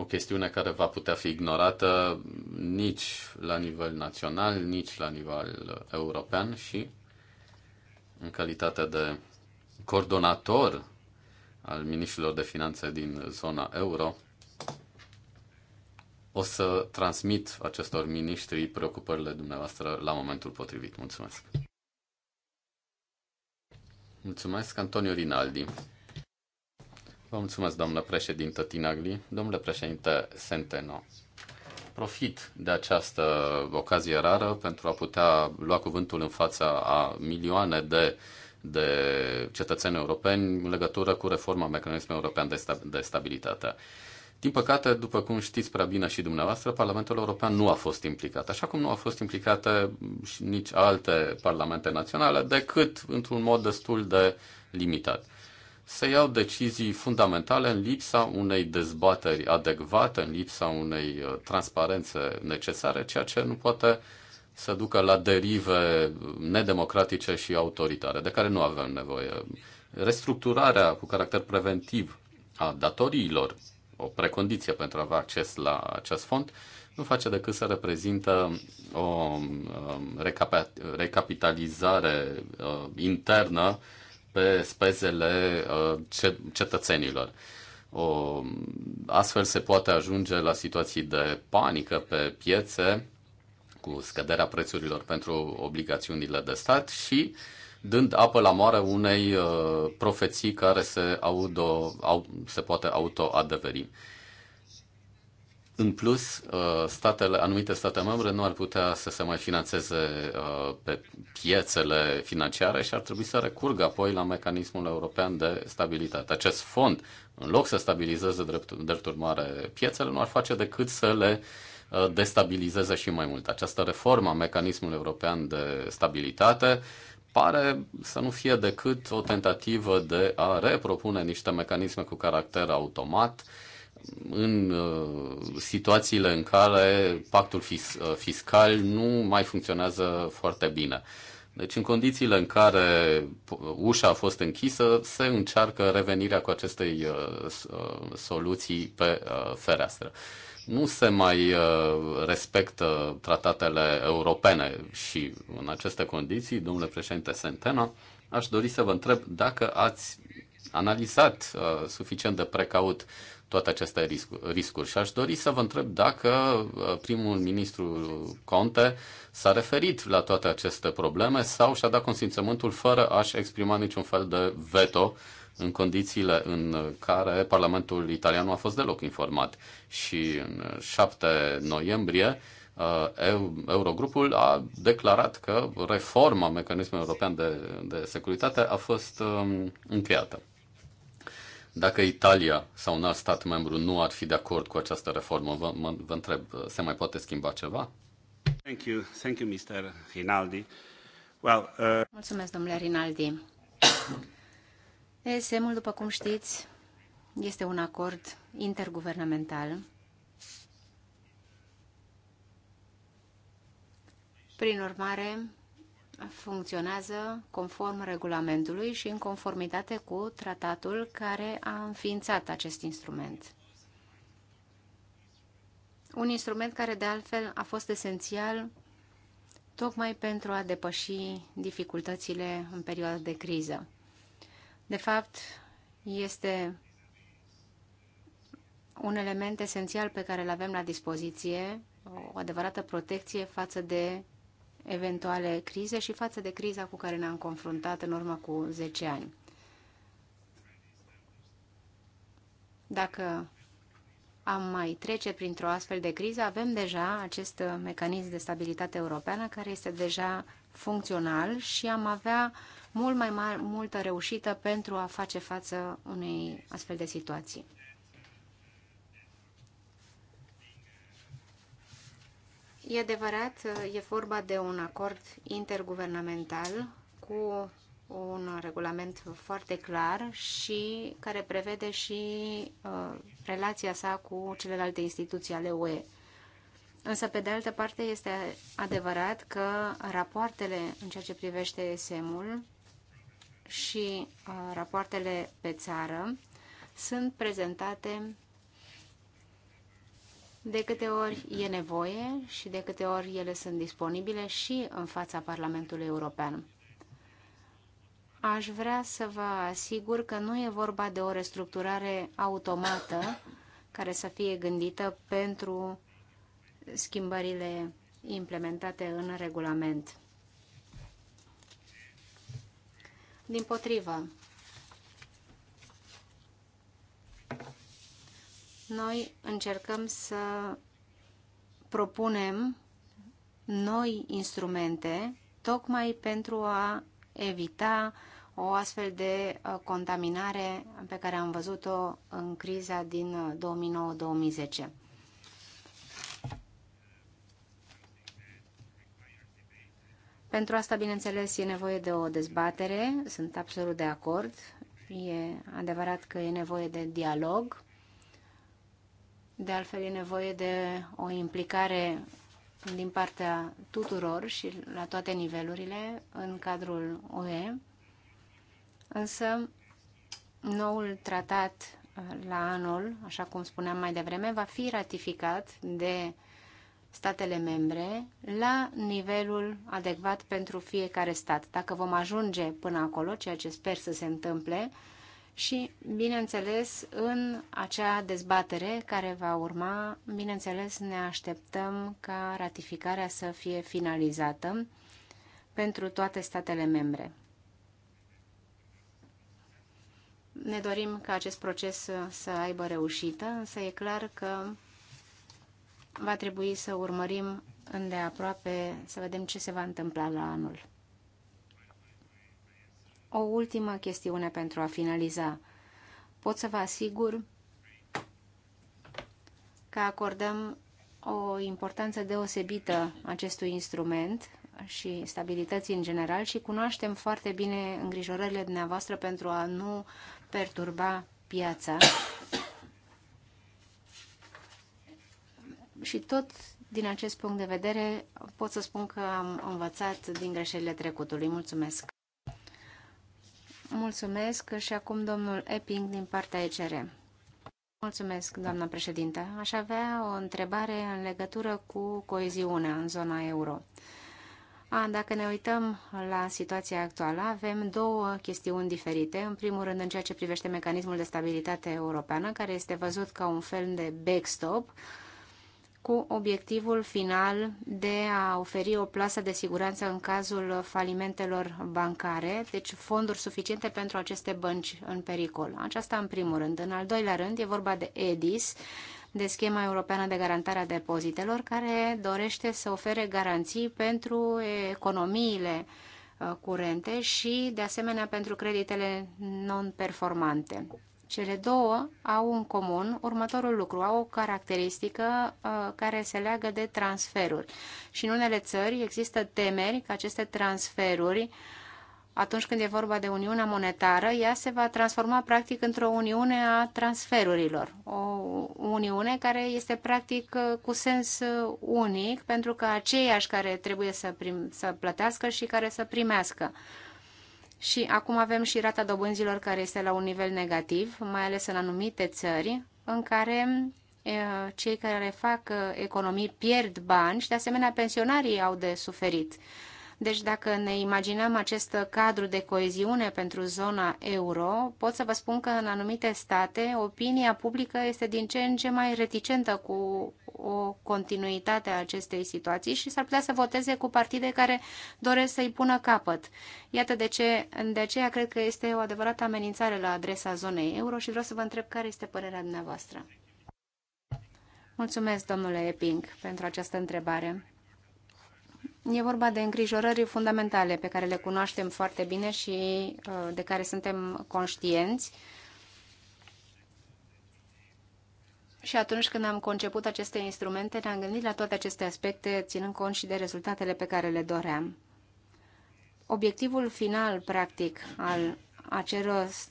B: o chestiune care va putea fi ignorată nici la nivel național, nici la nivel european și în calitate de coordonator al ministrilor de finanțe din zona euro, o să transmit acestor miniștri preocupările dumneavoastră la momentul potrivit. Mulțumesc! Mulțumesc, Antonio Rinaldi. Vă mulțumesc, domnule președinte Tinagli. Domnule președinte Senteno, profit de această ocazie rară pentru a putea lua cuvântul în fața a milioane de de cetățeni europeni în legătură cu reforma mecanismului european de, stab- de stabilitate. Din păcate, după cum știți prea bine și dumneavoastră, Parlamentul European nu a fost implicat, așa cum nu au fost implicate și nici alte parlamente naționale, decât într-un mod destul de limitat să iau decizii fundamentale în lipsa unei dezbateri adecvate, în lipsa unei uh, transparențe necesare, ceea ce nu poate să ducă la derive nedemocratice și autoritare, de care nu avem nevoie. Restructurarea cu caracter preventiv a datoriilor, o precondiție pentru a avea acces la acest fond, nu face decât să reprezintă o um, recapitalizare uh, internă pe spezele uh, cetățenilor. O, astfel se poate ajunge la situații de panică pe piețe cu scăderea prețurilor pentru obligațiunile de stat și dând apă la moară unei uh, profeții care se, auto, au, se poate auto-adeveri. În plus, uh, statele, anumite state membre nu ar putea să se mai finanțeze uh, pe piețele financiare și ar trebui să recurgă apoi la mecanismul european de stabilitate. Acest fond, în loc să stabilizeze drepturi drept mare piețele, nu ar face decât să le uh, destabilizeze și mai mult. Această reformă a mecanismului european de stabilitate pare să nu fie decât o tentativă de a repropune niște mecanisme cu caracter automat, în uh, situațiile în care pactul uh, fiscal nu mai funcționează foarte bine. Deci în condițiile în care ușa a fost închisă, se încearcă revenirea cu acestei uh, soluții pe fereastră. Nu se mai respectă tratatele europene și în aceste condiții, domnule președinte Sentena, aș dori să vă întreb dacă ați analizat suficient de precaut toate aceste riscuri. Și aș dori să vă întreb dacă uh, primul ministru Conte s-a referit la toate aceste probleme sau și-a dat consimțământul fără a-și exprima niciun fel de veto în condițiile în care Parlamentul italian nu a fost deloc informat. Și în 7 noiembrie uh, Eurogrupul a declarat că reforma mecanismului european de, de securitate a fost um, încheiată. Dacă Italia sau un alt stat membru nu ar fi de acord cu această reformă, vă, mă, vă întreb, se mai poate schimba ceva? Thank you. Thank you, Mr. Rinaldi. Well, uh...
C: Mulțumesc, domnule Rinaldi. ESM-ul, după cum știți, este un acord interguvernamental Prin urmare, funcționează conform regulamentului și în conformitate cu tratatul care a înființat acest instrument. Un instrument care de altfel a fost esențial tocmai pentru a depăși dificultățile în perioada de criză. De fapt, este un element esențial pe care îl avem la dispoziție, o adevărată protecție față de eventuale crize și față de criza cu care ne-am confruntat în urmă cu 10 ani. Dacă am mai trece printr-o astfel de criză, avem deja acest mecanism de stabilitate europeană care este deja funcțional și am avea mult mai multă reușită pentru a face față unei astfel de situații. E adevărat, e vorba de un acord interguvernamental cu un regulament foarte clar și care prevede și uh, relația sa cu celelalte instituții ale UE. Însă, pe de altă parte, este adevărat că rapoartele în ceea ce privește sem ul și uh, rapoartele pe țară sunt prezentate de câte ori e nevoie și de câte ori ele sunt disponibile și în fața Parlamentului European. Aș vrea să vă asigur că nu e vorba de o restructurare automată care să fie gândită pentru schimbările implementate în regulament. Din potrivă, noi încercăm să propunem noi instrumente tocmai pentru a evita o astfel de uh, contaminare pe care am văzut-o în criza din 2009-2010. Uh, pentru asta, bineînțeles, e nevoie de o dezbatere, sunt absolut de acord. E adevărat că e nevoie de dialog de altfel, e nevoie de o implicare din partea tuturor și la toate nivelurile în cadrul UE. Însă, noul tratat uh, la anul, așa cum spuneam mai devreme, va fi ratificat de statele membre la nivelul adecvat pentru fiecare stat. Dacă vom ajunge până acolo, ceea ce sper să se întâmple, și, bineînțeles, în acea dezbatere care va urma, bineînțeles, ne așteptăm ca ratificarea să fie finalizată pentru toate statele membre. Ne dorim ca acest proces să aibă reușită, însă e clar că va trebui să urmărim îndeaproape, să vedem ce se va întâmpla la anul. O ultimă chestiune pentru a finaliza. Pot să vă asigur că acordăm o importanță deosebită acestui instrument și stabilității în general și cunoaștem foarte bine îngrijorările dumneavoastră pentru a nu perturba piața. și tot din acest punct de vedere pot să spun că am învățat din greșelile trecutului. Mulțumesc! Mulțumesc și acum domnul Epping din partea ECR. Mulțumesc, doamna președintă. Aș avea o întrebare în legătură cu coeziunea în zona euro. A, dacă ne uităm la situația actuală, avem două chestiuni diferite. În primul rând, în ceea ce privește mecanismul de stabilitate europeană, care este văzut ca un fel de backstop, cu obiectivul final de a oferi o plasă de siguranță în cazul falimentelor bancare, deci fonduri suficiente pentru aceste bănci în pericol. Aceasta în primul rând. În al doilea rând e vorba de EDIS, de schema europeană de garantare a depozitelor, care dorește să ofere garanții pentru economiile uh, curente și, de asemenea, pentru creditele non-performante. Cele două au în comun următorul lucru, au o caracteristică uh, care se leagă de transferuri. Și în unele țări există temeri că aceste transferuri, atunci când e vorba de Uniunea Monetară, ea se va transforma practic într-o Uniune a transferurilor. O Uniune care este practic uh, cu sens uh, unic pentru că aceiași care trebuie să, prim, să plătească și care să primească. Uh, și acum avem și rata dobânzilor care este la un nivel negativ, mai ales în anumite țări, în care cei care fac economii pierd bani și, de asemenea, pensionarii au de suferit. Deci dacă ne imaginăm acest cadru de coeziune pentru zona euro, pot să vă spun că în anumite state opinia publică este din ce în ce mai reticentă cu o continuitate a acestei situații și s-ar putea să voteze cu partide care doresc să-i pună capăt. Iată de ce, de aceea cred că este o adevărată amenințare la adresa zonei euro și vreau să vă întreb care este părerea dumneavoastră. Mulțumesc, domnule Epping, pentru această întrebare. E vorba de îngrijorări fundamentale pe care le cunoaștem foarte bine și uh, de care suntem conștienți. Și atunci când am conceput aceste instrumente, ne-am gândit la toate aceste aspecte, ținând cont și de rezultatele pe care le doream. Obiectivul final, practic, al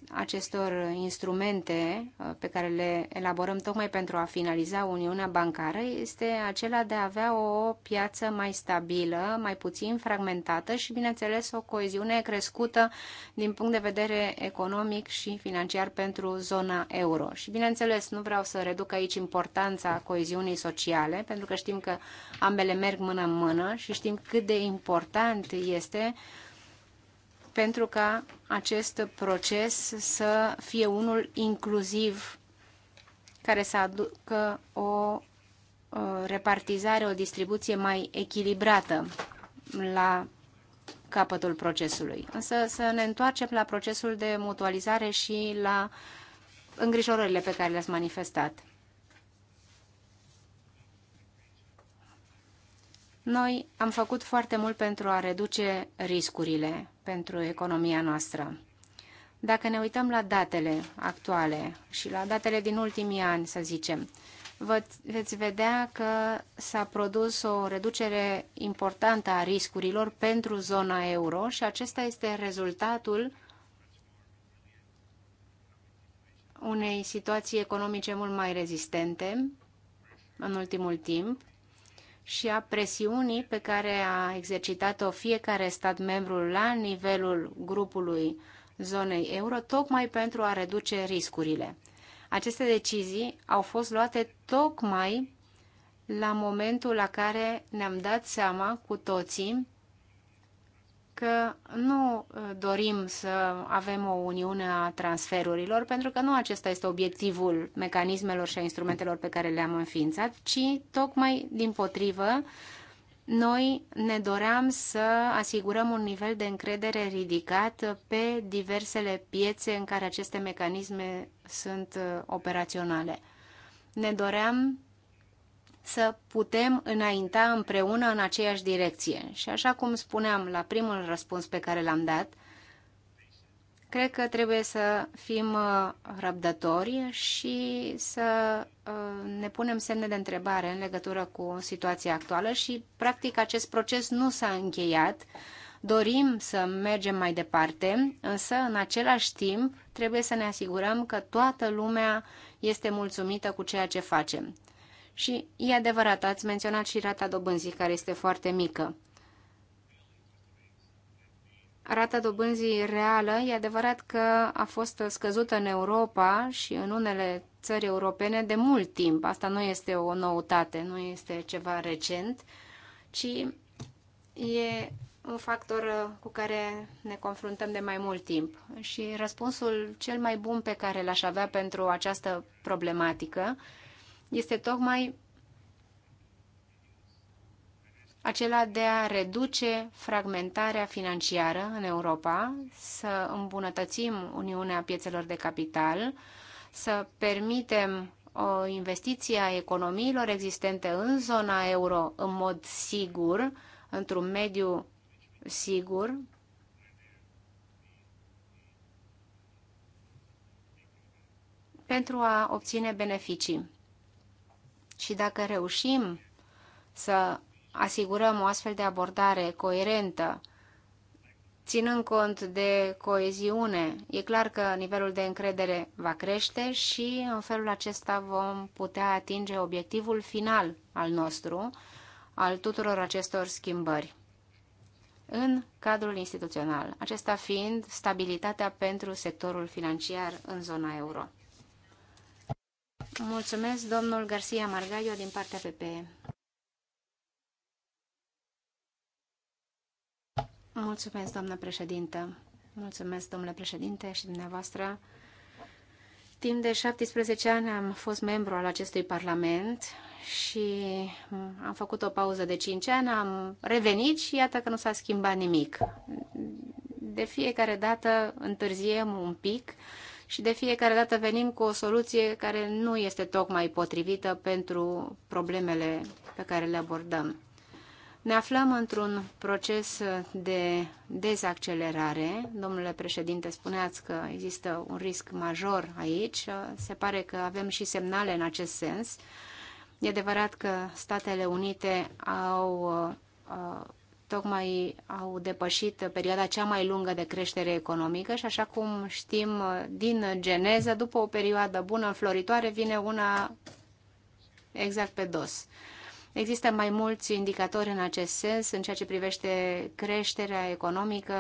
C: acestor instrumente uh, pe care le elaborăm tocmai pentru a finaliza Uniunea Bancară este acela de a avea o piață mai stabilă, mai puțin fragmentată și, bineînțeles, o coeziune crescută din punct de vedere economic și financiar pentru zona euro. Și, bineînțeles, nu vreau să reduc aici importanța coeziunii sociale, pentru că știm că ambele merg mână în mână și știm cât de important este pentru ca acest proces să fie unul inclusiv care să aducă o repartizare, o distribuție mai echilibrată la capătul procesului. Însă să ne întoarcem la procesul de mutualizare și la îngrijorările pe care le-ați manifestat. Noi am făcut foarte mult pentru a reduce riscurile pentru economia noastră. Dacă ne uităm la datele actuale și la datele din ultimii ani, să zicem, vă, veți vedea că s-a produs o reducere importantă a riscurilor pentru zona euro și acesta este rezultatul unei situații economice mult mai rezistente în ultimul timp și a presiunii pe care a exercitat-o fiecare stat membru la nivelul grupului zonei euro, tocmai pentru a reduce riscurile. Aceste decizii au fost luate tocmai la momentul la care ne-am dat seama cu toții că nu uh, dorim să avem o uniune a transferurilor, pentru că nu acesta este obiectivul mecanismelor și a instrumentelor pe care le-am înființat, ci tocmai din potrivă, noi ne doream să asigurăm un nivel de încredere ridicat pe diversele piețe în care aceste mecanisme sunt uh, operaționale. Ne doream să putem înainta împreună în aceeași direcție. Și așa cum spuneam la primul răspuns pe care l-am dat, cred că trebuie să fim uh, răbdători și să uh, ne punem semne de întrebare în legătură cu situația actuală și, practic, acest proces nu s-a încheiat. Dorim să mergem mai departe, însă, în același timp, trebuie să ne asigurăm că toată lumea este mulțumită cu ceea ce facem. Și e adevărat, ați menționat și rata dobânzii, care este foarte mică. Rata dobânzii reală e adevărat că a fost scăzută în Europa și în unele țări europene de mult timp. Asta nu este o noutate, nu este ceva recent, ci e un factor cu care ne confruntăm de mai mult timp. Și răspunsul cel mai bun pe care l-aș avea pentru această problematică este tocmai acela de a reduce fragmentarea financiară în Europa, să îmbunătățim Uniunea Piețelor de Capital, să permitem o investiție a economiilor existente în zona euro în mod sigur, într-un mediu sigur, pentru a obține beneficii. Și dacă reușim să asigurăm o astfel de abordare coerentă, ținând cont de coeziune, e clar că nivelul de încredere va crește și în felul acesta vom putea atinge obiectivul final al nostru, al tuturor acestor schimbări în cadrul instituțional, acesta fiind stabilitatea pentru sectorul financiar în zona euro. Mulțumesc, domnul Garcia Margallo, din partea PPE. Mulțumesc, doamnă președintă. Mulțumesc, domnule președinte și dumneavoastră. Timp de 17 ani am fost membru al acestui parlament și am făcut o pauză de 5 ani, am revenit și iată că nu s-a schimbat nimic. De fiecare dată întârziem un pic, și de fiecare dată venim cu o soluție care nu este tocmai potrivită pentru problemele pe care le abordăm. Ne aflăm într-un proces de dezaccelerare. Domnule președinte, spuneați că există un risc major aici. Se pare că avem și semnale în acest sens. E adevărat că Statele Unite au uh, tocmai au depășit perioada cea mai lungă de creștere economică și așa cum știm din geneză, după o perioadă bună, floritoare, vine una exact pe dos. Există mai mulți indicatori în acest sens, în ceea ce privește creșterea economică,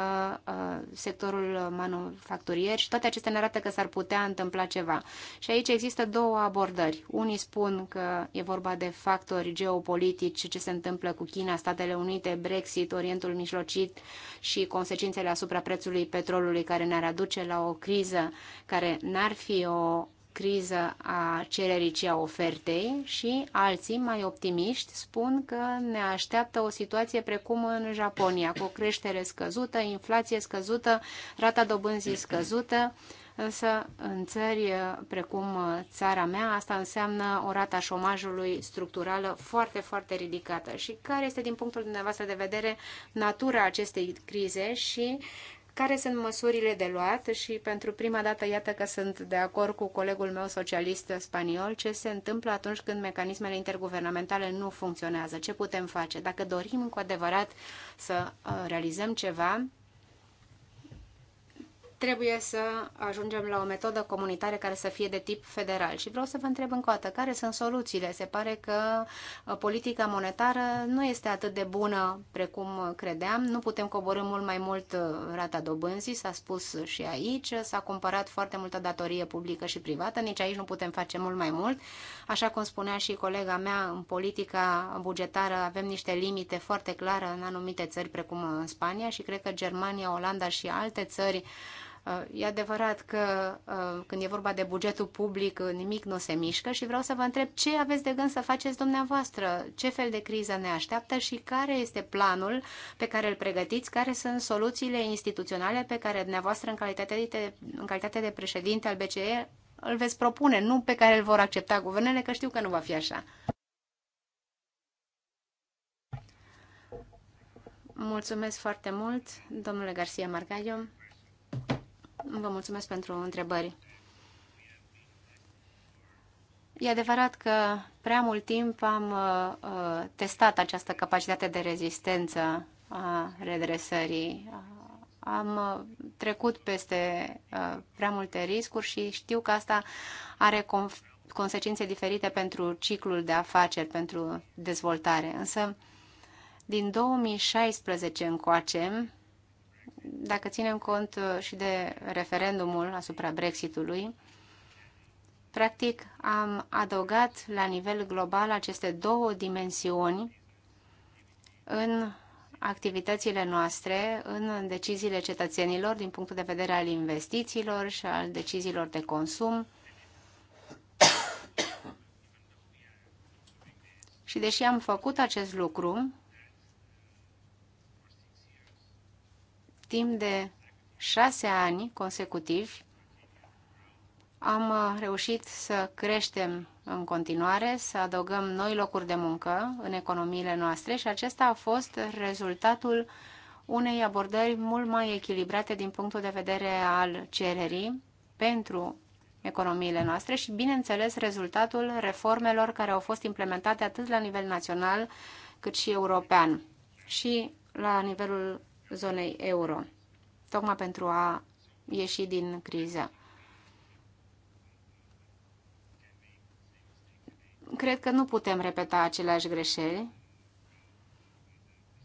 C: uh, sectorul manufacturier și toate acestea ne arată că s-ar putea întâmpla ceva. Și aici există două abordări. Unii spun că e vorba de factori geopolitici, ce se întâmplă cu China, Statele Unite, Brexit, Orientul Mijlocit și consecințele asupra prețului petrolului care ne-ar aduce la o criză care n-ar fi o criză a cererii, și a ofertei și alții mai optimiști spun că ne așteaptă o situație precum în Japonia, cu creștere scăzută, inflație scăzută, rata dobânzii scăzută, însă în țări precum țara mea, asta înseamnă o rata șomajului structurală foarte, foarte ridicată. Și care este, din punctul dumneavoastră de vedere, natura acestei crize și care sunt măsurile de luat și pentru prima dată iată că sunt de acord cu colegul meu socialist spaniol ce se întâmplă atunci când mecanismele interguvernamentale nu funcționează, ce putem face. Dacă dorim cu adevărat să uh, realizăm ceva, trebuie să ajungem la o metodă comunitară care să fie de tip federal. Și vreau să vă întreb încă o dată, care sunt soluțiile? Se pare că uh, politica monetară nu este atât de bună precum credeam, nu putem coborâ mult mai mult uh, rata dobânzii, s-a spus și aici, s-a comparat foarte multă datorie publică și privată, nici aici nu putem face mult mai mult. Așa cum spunea și colega mea, în politica bugetară avem niște limite foarte clare în anumite țări precum uh, Spania și cred că Germania, Olanda și alte țări Uh, e adevărat că uh, când e vorba de bugetul public, uh, nimic nu se mișcă și vreau să vă întreb ce aveți de gând să faceți dumneavoastră, ce fel de criză ne așteaptă și care este planul pe care îl pregătiți, care sunt soluțiile instituționale pe care dumneavoastră, în calitate de, în calitate de președinte al BCE, îl veți propune, nu pe care îl vor accepta guvernele, că știu că nu va fi așa. Mulțumesc foarte mult, domnule Garcia Margallo. Vă mulțumesc pentru întrebări. E adevărat că prea mult timp am uh, uh testat această capacitate de rezistență a redresării. Am uh, trecut peste uh, prea multe riscuri și știu că asta are consecințe diferite pentru ciclul de afaceri, pentru dezvoltare. Însă, din 2016 încoace, dacă ținem cont uh, și de referendumul asupra Brexitului, practic am adăugat la nivel global aceste două dimensiuni în activitățile noastre, în deciziile cetățenilor din punctul de vedere al investițiilor și al deciziilor de consum. și deși am făcut acest lucru, timp de șase ani consecutivi am uh, reușit să creștem în continuare, să adăugăm noi locuri de muncă în economiile noastre și acesta a fost rezultatul unei abordări mult mai echilibrate din punctul de vedere al cererii pentru economiile noastre și, bineînțeles, rezultatul reformelor care au fost implementate atât la nivel național cât și european. Și la nivelul zonei euro, tocmai pentru a ieși din criză. Cred că nu putem repeta aceleași greșeli,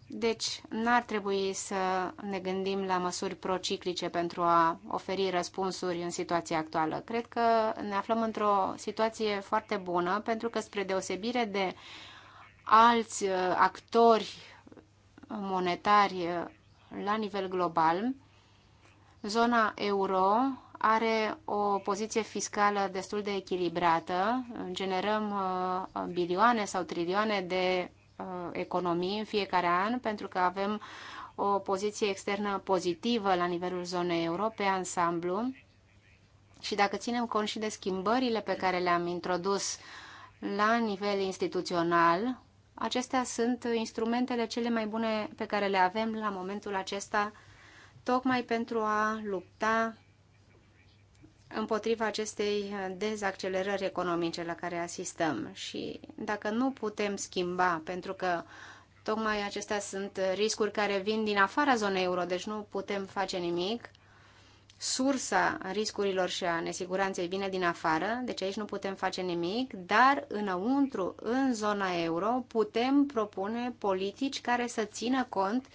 C: deci n-ar trebui să ne gândim la măsuri prociclice pentru a oferi răspunsuri în situația actuală. Cred că ne aflăm într-o situație foarte bună pentru că spre deosebire de alți uh, actori monetari uh, la nivel global, zona euro are o poziție fiscală destul de echilibrată. Generăm uh, bilioane sau trilioane de uh, economii în fiecare an pentru că avem o poziție externă pozitivă la nivelul zonei euro pe ansamblu. Și dacă ținem cont și de schimbările pe care le-am introdus la nivel instituțional, Acestea sunt instrumentele cele mai bune pe care le avem la momentul acesta, tocmai pentru a lupta împotriva acestei dezaccelerări economice la care asistăm. Și dacă nu putem schimba, pentru că tocmai acestea sunt riscuri care vin din afara zonei euro, deci nu putem face nimic, sursa riscurilor și a nesiguranței vine din afară, deci aici nu putem face nimic, dar înăuntru, în zona euro, putem propune politici care să țină cont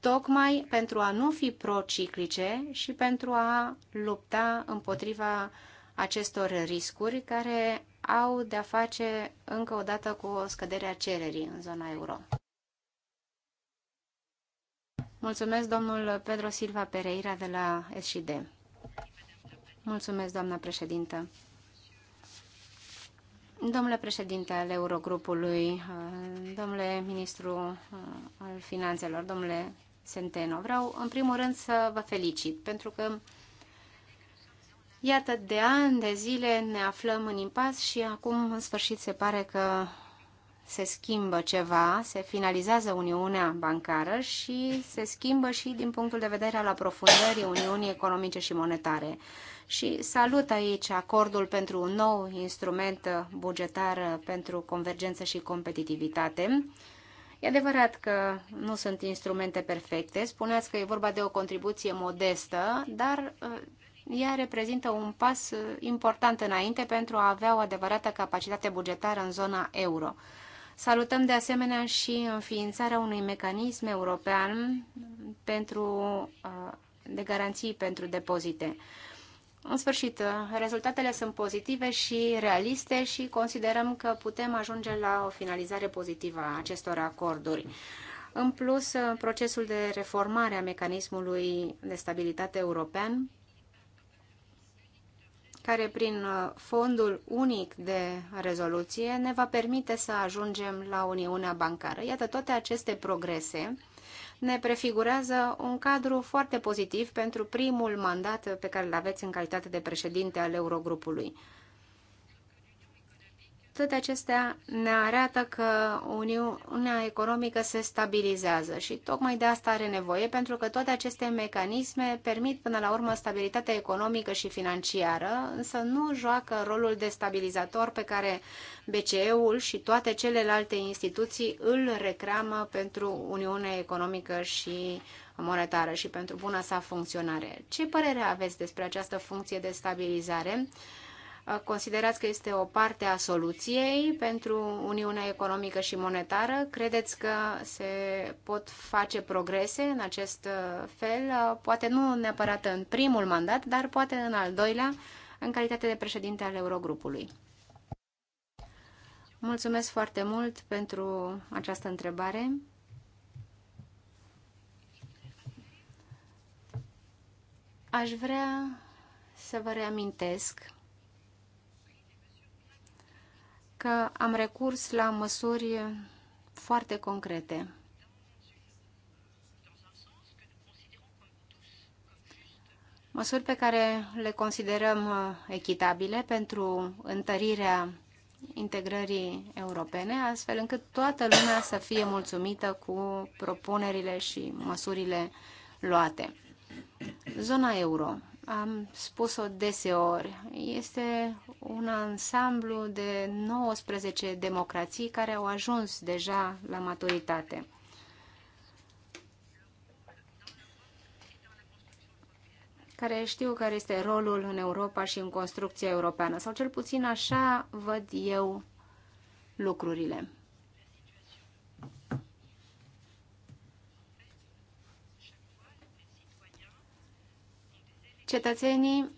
C: tocmai pentru a nu fi prociclice și pentru a lupta împotriva acestor riscuri care au de-a face încă o dată cu o scădere a cererii în zona euro. Mulțumesc, domnul Pedro Silva Pereira de la SID. Mulțumesc, doamna președintă. Domnule președinte al Eurogrupului, domnule ministru uh, al finanțelor, domnule Centeno, vreau în primul rând să vă felicit pentru că Iată, de ani de zile ne aflăm în impas și acum, în sfârșit, se pare că se schimbă ceva, se finalizează Uniunea Bancară și se schimbă și din punctul de vedere al aprofundării Uniunii Economice și Monetare. Și salut aici acordul pentru un nou instrument bugetar pentru convergență și competitivitate. E adevărat că nu sunt instrumente perfecte, spuneați că e vorba de o contribuție modestă, dar uh, ea reprezintă un pas uh, important înainte pentru a avea o adevărată capacitate bugetară în zona euro. Salutăm de asemenea și înființarea unui mecanism european pentru, uh, de garanții pentru depozite. În sfârșit, uh, rezultatele sunt pozitive și realiste și considerăm că putem ajunge la o finalizare pozitivă a acestor acorduri. În plus, uh, procesul de reformare a mecanismului de stabilitate european care prin uh, fondul unic de rezoluție ne va permite să ajungem la Uniunea Bancară. Iată, toate aceste progrese ne prefigurează un cadru foarte pozitiv pentru primul mandat pe care îl aveți în calitate de președinte al Eurogrupului toate acestea ne arată că Uniunea Economică se stabilizează și tocmai de asta are nevoie, pentru că toate aceste mecanisme permit până la urmă stabilitatea economică și financiară, însă nu joacă rolul de stabilizator pe care BCE-ul și toate celelalte instituții îl reclamă pentru Uniunea Economică și monetară și pentru buna sa funcționare. Ce părere aveți despre această funcție de stabilizare? Considerați că este o parte a soluției pentru Uniunea Economică și Monetară? Credeți că se pot face progrese în acest fel? Poate nu neapărat în primul mandat, dar poate în al doilea, în calitate de președinte al Eurogrupului. Mulțumesc foarte mult pentru această întrebare. Aș vrea să vă reamintesc că am recurs la măsuri foarte concrete. Măsuri pe care le considerăm echitabile pentru întărirea integrării europene, astfel încât toată lumea să fie mulțumită cu propunerile și măsurile luate. Zona euro am spus-o deseori, este un ansamblu de 19 democrații care au ajuns deja la maturitate. care știu care este rolul în Europa și în construcția europeană, sau cel puțin așa văd eu lucrurile. Cetățenii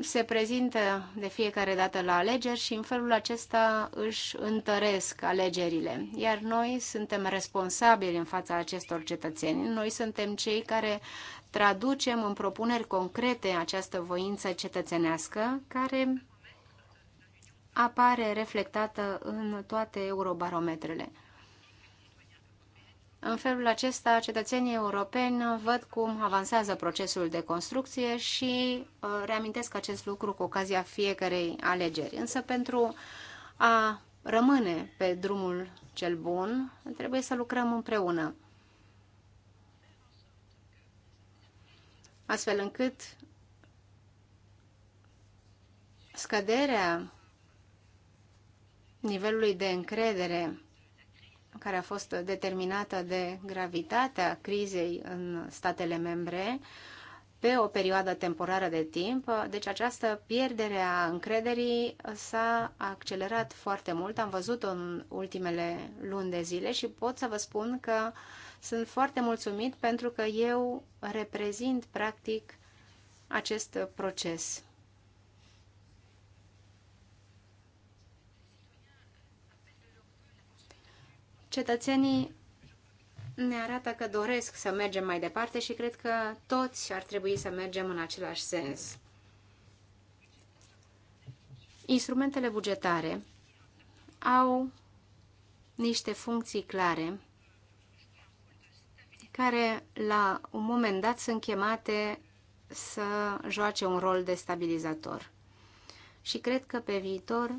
C: se prezintă de fiecare dată la alegeri și în felul acesta își întăresc alegerile. Iar noi suntem responsabili în fața acestor cetățeni. Noi suntem cei care traducem în propuneri concrete această voință cetățenească care apare reflectată în toate eurobarometrele. În felul acesta, cetățenii europeni văd cum avansează procesul de construcție și uh, reamintesc acest lucru cu ocazia fiecarei alegeri. Însă, pentru a rămâne pe drumul cel bun, trebuie să lucrăm împreună. Astfel încât scăderea nivelului de încredere care a fost determinată de gravitatea crizei în statele membre pe o perioadă temporară de timp. Deci această pierdere a încrederii s-a accelerat foarte mult. Am văzut în ultimele luni de zile și pot să vă spun că sunt foarte mulțumit pentru că eu reprezint practic acest proces. Cetățenii ne arată că doresc să mergem mai departe și cred că toți ar trebui să mergem în același sens. Instrumentele bugetare au niște funcții clare care la un moment dat sunt chemate să joace un rol de stabilizator. Și cred că pe viitor,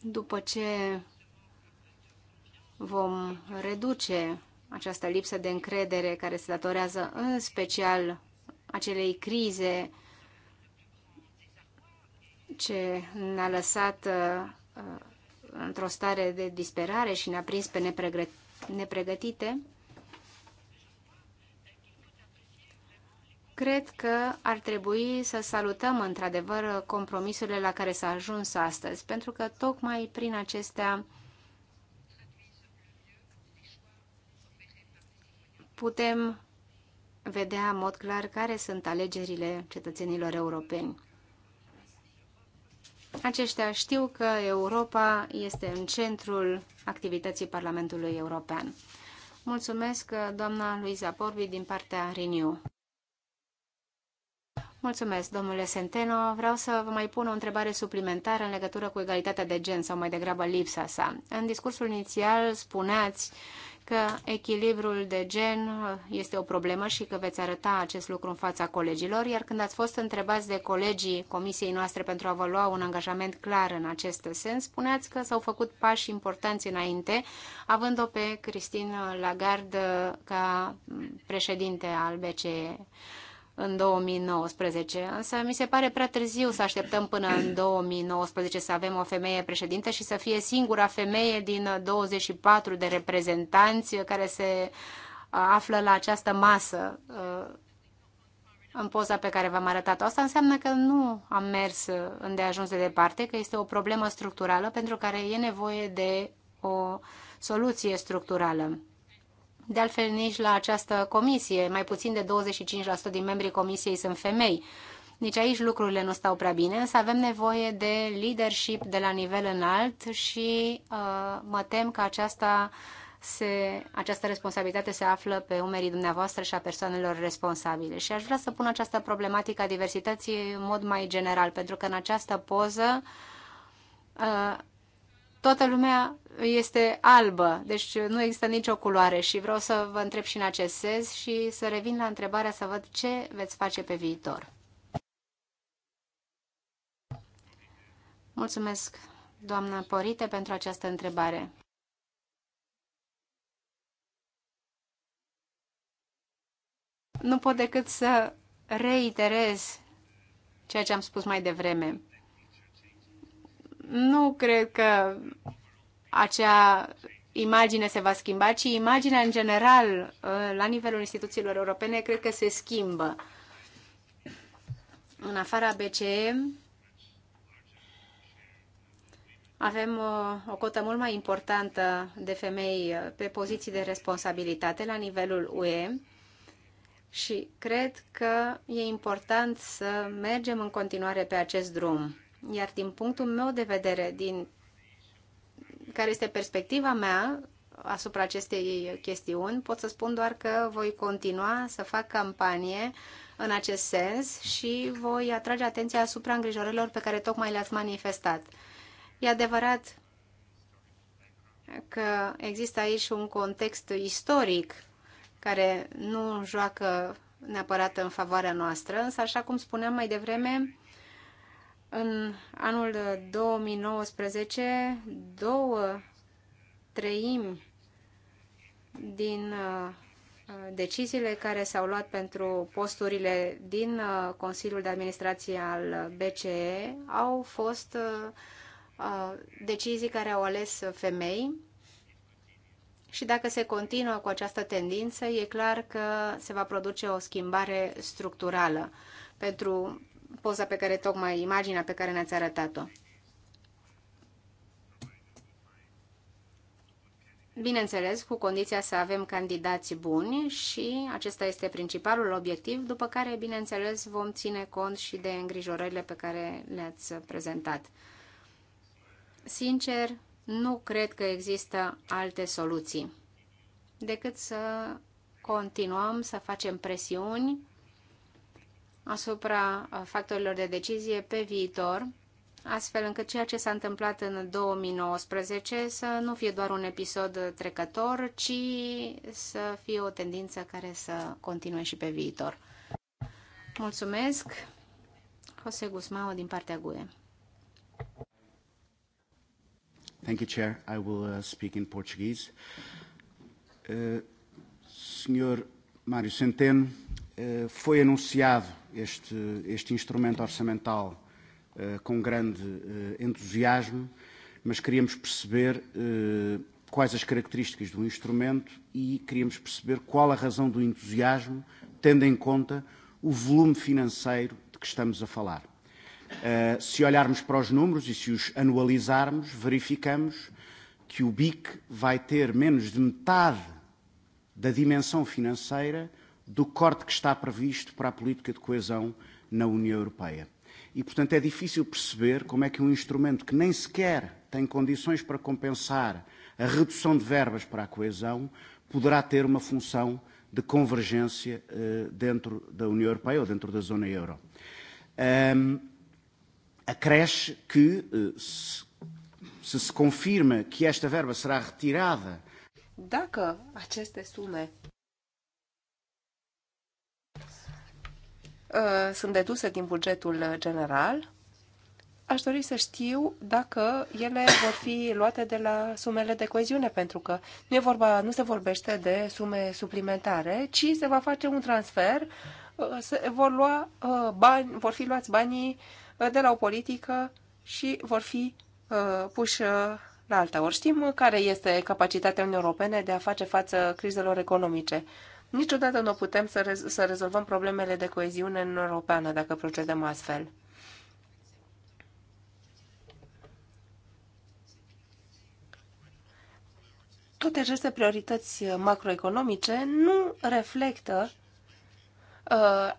C: după ce vom reduce această lipsă de încredere care se datorează în special acelei crize ce ne-a lăsat uh, uh, într-o stare de disperare și ne-a prins pe nepregătite, cred că ar trebui să salutăm într-adevăr compromisurile la care s-a ajuns astăzi, pentru că tocmai prin acestea putem vedea în mod clar care sunt alegerile cetățenilor europeni. Aceștia știu că Europa este în centrul activității Parlamentului European. Mulțumesc, doamna Luisa Porbi, din partea Renew. Mulțumesc, domnule Senteno. Vreau să vă mai pun o întrebare suplimentară în legătură cu egalitatea de gen sau mai degrabă lipsa sa. În discursul inițial spuneați uh, că echilibrul de gen este o problemă și că veți arăta acest lucru în fața colegilor, iar când ați fost întrebați de colegii Comisiei noastre pentru a vă lua un angajament clar în acest sens, spuneați că s-au făcut pași importanți înainte, având-o pe Christine Lagarde ca președinte al BCE în 2019, însă mi se pare prea târziu să așteptăm până în 2019 să avem o femeie președinte și să fie singura femeie din 24 de reprezentanți care se uh, află la această masă uh, în poza pe care v-am arătat-o. Asta înseamnă că nu am mers îndeajuns de departe, că este o problemă structurală pentru care e nevoie de o soluție structurală de altfel nici la această comisie. Mai puțin de 25% din membrii comisiei sunt femei. Nici aici lucrurile nu stau prea bine, însă avem nevoie de leadership de la nivel înalt și uh, mă tem că aceasta se, această responsabilitate se află pe umerii dumneavoastră și a persoanelor responsabile. Și aș vrea să pun această problematică a diversității în mod mai general, pentru că în această poză uh, toată lumea este albă, deci nu există nicio culoare și vreau să vă întreb și în acest sens și să revin la întrebarea să văd ce veți face pe viitor. Mulțumesc, doamna Porite, pentru această întrebare. Nu pot decât să reiterez ceea ce am spus mai devreme nu cred că acea imagine se va schimba, ci imaginea în general uh, la nivelul instituțiilor europene cred că se schimbă. În afara BCE avem o, uh, o cotă mult mai importantă de femei uh, pe poziții de responsabilitate la nivelul UE și cred că e important să mergem în continuare pe acest drum. Iar din punctul meu de vedere, din care este perspectiva mea asupra acestei chestiuni, pot să spun doar că voi continua să fac campanie în acest sens și voi atrage atenția asupra îngrijorărilor pe care tocmai le-ați manifestat. E adevărat că există aici un context istoric care nu joacă neapărat în favoarea noastră, însă, așa cum spuneam mai devreme, în anul 2019, două treimi din uh, deciziile care s-au luat pentru posturile din uh, Consiliul de Administrație al BCE au fost uh, decizii care au ales femei și dacă se continuă cu această tendință, e clar că se va produce o schimbare structurală pentru poza pe care tocmai, imaginea pe care ne-ați arătat-o. Bineînțeles, cu condiția să avem candidați buni și acesta este principalul obiectiv, după care, bineînțeles, vom ține cont și de îngrijorările pe care le-ați prezentat. Sincer, nu cred că există alte soluții decât să continuăm să facem presiuni asupra uh, factorilor de decizie pe viitor, astfel încât ceea ce s-a întâmplat în 2019 să nu fie doar un episod trecător, ci să fie o tendință care să continue și pe viitor. Mulțumesc, Jose Guzmao din partea GUE.
D: Thank you, Chair. I will uh, speak in Portuguese. Uh, Senhor Mário Centeno, uh, foi anunciado este, este instrumento orçamental uh, com grande uh, entusiasmo, mas queríamos perceber uh, quais as características do instrumento e queríamos perceber qual a razão do entusiasmo, tendo em conta o volume financeiro de que estamos a falar. Uh, se olharmos para os números e se os anualizarmos, verificamos que o BIC vai ter menos de metade da dimensão financeira do corte que está previsto para a política de coesão na União Europeia. E, portanto, é difícil perceber como é que um instrumento que nem sequer tem condições para compensar a redução de verbas para a coesão poderá ter uma função de convergência eh, dentro da União Europeia ou dentro da zona euro. Um, acresce que, eh, se se confirma que esta verba será retirada.
A: Dacă aceste sume Uh, sunt deduse din bugetul general, aș dori să știu dacă ele vor fi luate de la sumele de coeziune, pentru că nu, e vorba, nu se vorbește de sume suplimentare, ci se va face un transfer, uh, se vor, lua, uh, bani, vor fi luați banii de la o politică și vor fi puși la alta. Ori știm care este capacitatea Uniunii Europene de a face față crizelor economice. Niciodată nu putem să, rez- să rezolvăm problemele de coeziune în Europeană dacă procedăm astfel. Toate aceste priorități macroeconomice nu reflectă uh,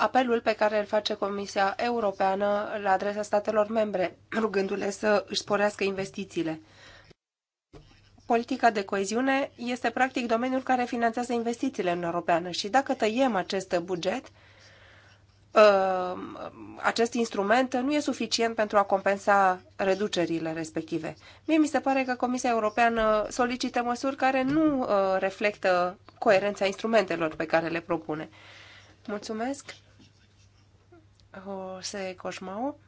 A: apelul pe care îl face Comisia Europeană la adresa statelor membre, rugându-le să își sporească investițiile politica de coeziune este practic domeniul care finanțează investițiile în Europeană și dacă tăiem acest buget, uh, acest instrument nu e suficient pentru a compensa reducerile respective. Mie mi se pare că Comisia Europeană solicită măsuri care nu uh, reflectă coerența instrumentelor pe care le propune. Mulțumesc! Jose Coșmau.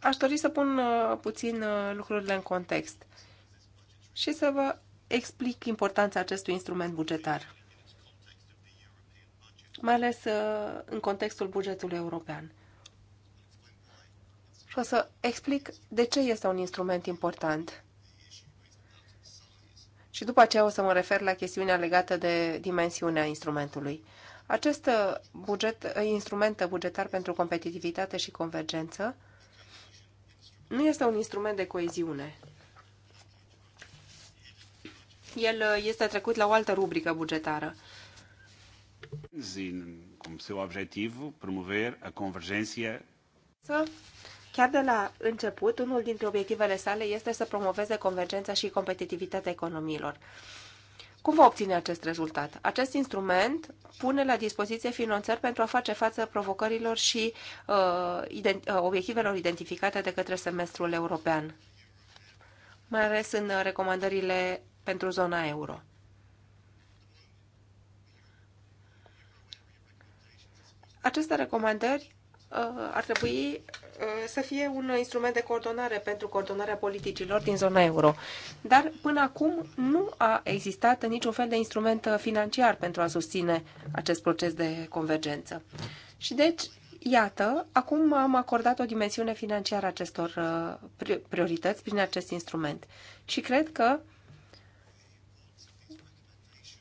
A: Aș dori să pun uh, puțin uh, lucrurile în context și să vă explic importanța acestui instrument bugetar, mai ales uh, în contextul bugetului european. Și o să explic de ce este un instrument important. Și după aceea o să mă refer la chestiunea legată de dimensiunea instrumentului. Acest buget, instrument bugetar pentru competitivitate și convergență nu este un instrument de coeziune. El uh, este trecut la o altă rubrică bugetară.
D: Cum se obiectiv, promover a convergenție.
A: Chiar de la început, unul dintre obiectivele sale este să promoveze convergența și competitivitatea economiilor. Cum va obține acest rezultat? Acest instrument pune la dispoziție finanțări pentru a face față provocărilor și uh, ident- uh, obiectivelor identificate de către semestrul european, mai ales în recomandările pentru zona euro. Aceste recomandări Uh, ar trebui uh, să fie un instrument de coordonare pentru coordonarea politicilor din zona euro. Dar până acum nu a existat niciun fel de instrument financiar pentru a susține acest proces de convergență. Și deci, iată, acum am acordat o dimensiune financiară acestor uh, priorități prin acest instrument. Și cred că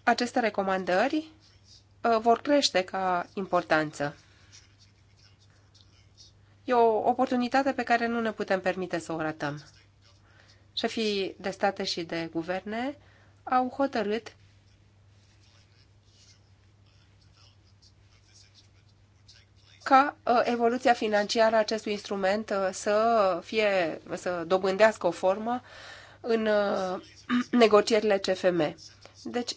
A: aceste recomandări vor crește ca importanță E o oportunitate pe care nu ne putem permite să o ratăm. Șefii de state și de guverne au hotărât ca ă, evoluția financiară a acestui instrument ă, să fie, să dobândească o formă în ă, negocierile CFM. Deci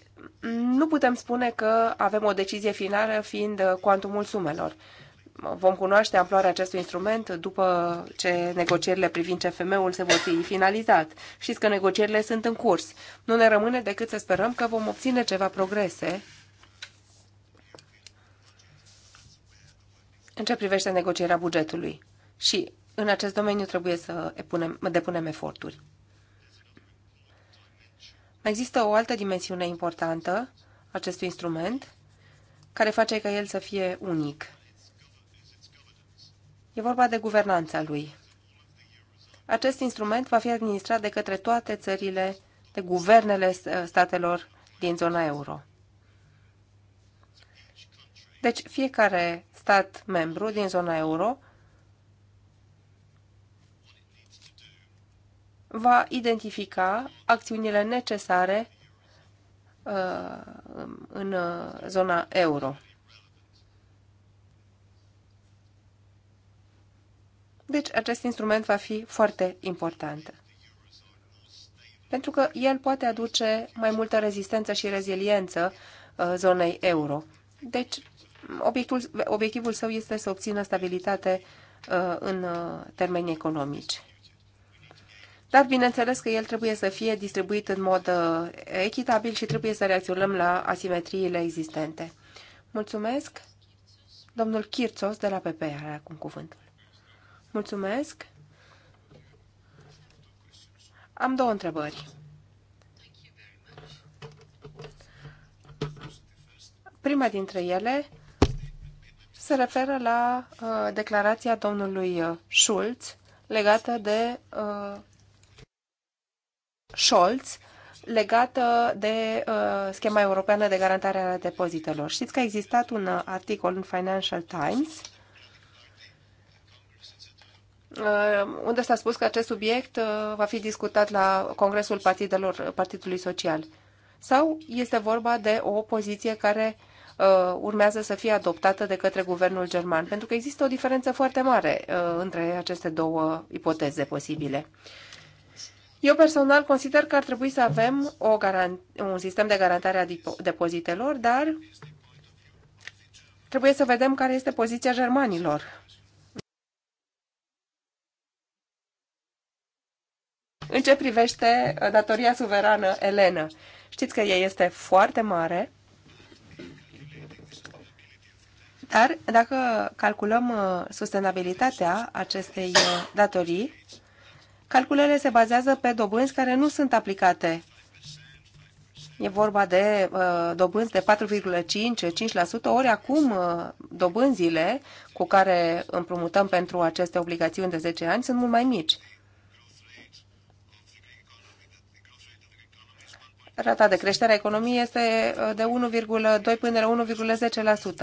A: nu putem spune că avem o decizie finală fiind cuantumul sumelor vom cunoaște amploarea acestui instrument după ce negocierile privind CFM-ul se vor fi finalizat. Știți că negocierile sunt în curs. Nu ne rămâne decât să sperăm că vom obține ceva progrese în ce privește negocierea bugetului. Și în acest domeniu trebuie să epunem, depunem eforturi. Mai există o altă dimensiune importantă acestui instrument care face ca el să fie unic – E vorba de guvernanța lui. Acest instrument va fi administrat de către toate țările, de guvernele ă, statelor din zona euro. Deci fiecare stat membru din zona euro va identifica acțiunile necesare ă, în zona euro. Deci acest instrument va fi foarte important. Pentru că el poate aduce mai multă rezistență și reziliență uh, zonei euro. Deci obiectul, obiectivul său este să obțină stabilitate uh, în uh, termeni economici. Dar bineînțeles că el trebuie să fie distribuit în mod echitabil și trebuie să reacționăm la asimetriile existente. Mulțumesc! Domnul Kirțos de la PPR are acum cuvântul. Mulțumesc. Am două întrebări. Prima dintre ele se referă la uh, declarația domnului uh, Schulz legată de uh, Scholz legată de uh, schema europeană de garantare a depozitelor. Știți că a existat un uh, articol în Financial Times Uh, unde s-a spus că acest subiect uh, va fi discutat la Congresul Partidelor Partidului Social. Sau este vorba de o poziție care uh, urmează să fie adoptată de către guvernul german, pentru că există o diferență foarte mare între aceste două ipoteze posibile. Eu personal consider că ar trebui să avem o un sistem de garantare a depozitelor, dar trebuie să vedem care este poziția germanilor În ce privește uh, datoria suverană Elena, Știți că ea este foarte mare, dar dacă calculăm uh, sustenabilitatea acestei uh, datorii, calculele se bazează pe dobânzi care nu sunt aplicate. E vorba de dobânzi de 4,5-5%, ori acum dobânzile cu care împrumutăm pentru aceste obligațiuni de 10 ani sunt mult mai mici. rata de creștere a economiei este uh, de 1,2 până la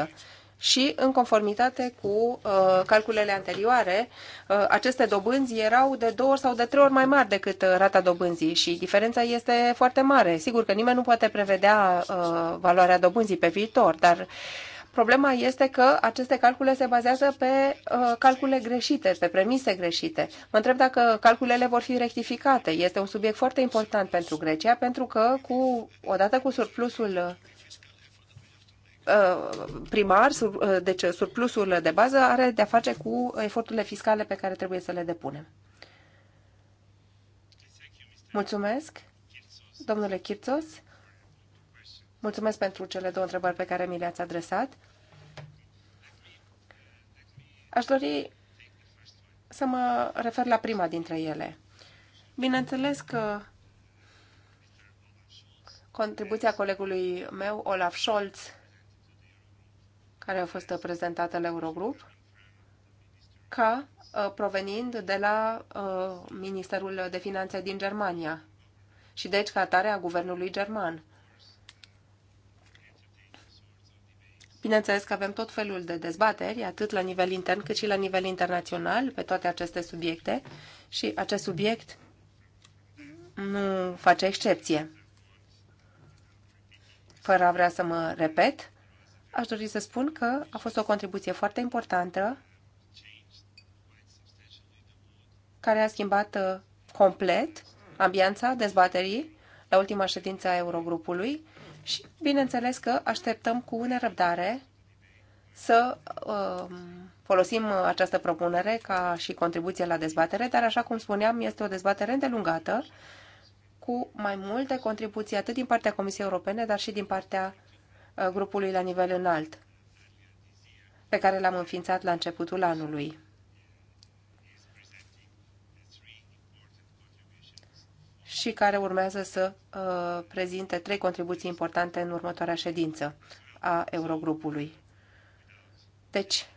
A: 1,10% și în conformitate cu uh, calculele anterioare, uh, aceste dobânzi erau de două sau de trei ori mai mari decât uh, rata dobânzii și diferența este foarte mare. Sigur că nimeni nu poate prevedea uh, valoarea dobânzii pe viitor, dar uh, Problema este că aceste calcule se bazează pe uh, calcule greșite, pe premise greșite. Mă întreb dacă calculele vor fi rectificate. Este un subiect foarte important pentru Grecia, pentru că cu, odată cu surplusul uh, primar, sur, uh, deci surplusul de bază, are de-a face cu eforturile fiscale pe care trebuie să le depunem. Mulțumesc, domnule Chirțos. Mulțumesc pentru cele două întrebări pe care mi le-ați adresat. Aș dori să mă refer la prima dintre ele. Bineînțeles că contribuția colegului meu, Olaf Scholz, care a fost prezentată la Eurogrup, ca ă, provenind de la ă, Ministerul de Finanțe din Germania și deci ca atare a guvernului german. Bineînțeles că avem tot felul de dezbateri, atât la nivel intern cât și la nivel internațional, pe toate aceste subiecte și acest subiect nu face excepție. Fără a vrea să mă repet, aș dori să spun că a fost o contribuție foarte importantă care a schimbat uh, complet ambianța dezbaterii la ultima ședință a Eurogrupului și bineînțeles că așteptăm cu nerăbdare să uh, folosim această propunere ca și contribuție la dezbatere, dar așa cum spuneam, este o dezbatere îndelungată cu mai multe contribuții atât din partea Comisiei Europene, dar și din partea uh, grupului la nivel înalt, pe care l-am înființat la începutul anului. și care urmează să uh, prezinte trei contribuții importante în următoarea ședință a Eurogrupului. Deci,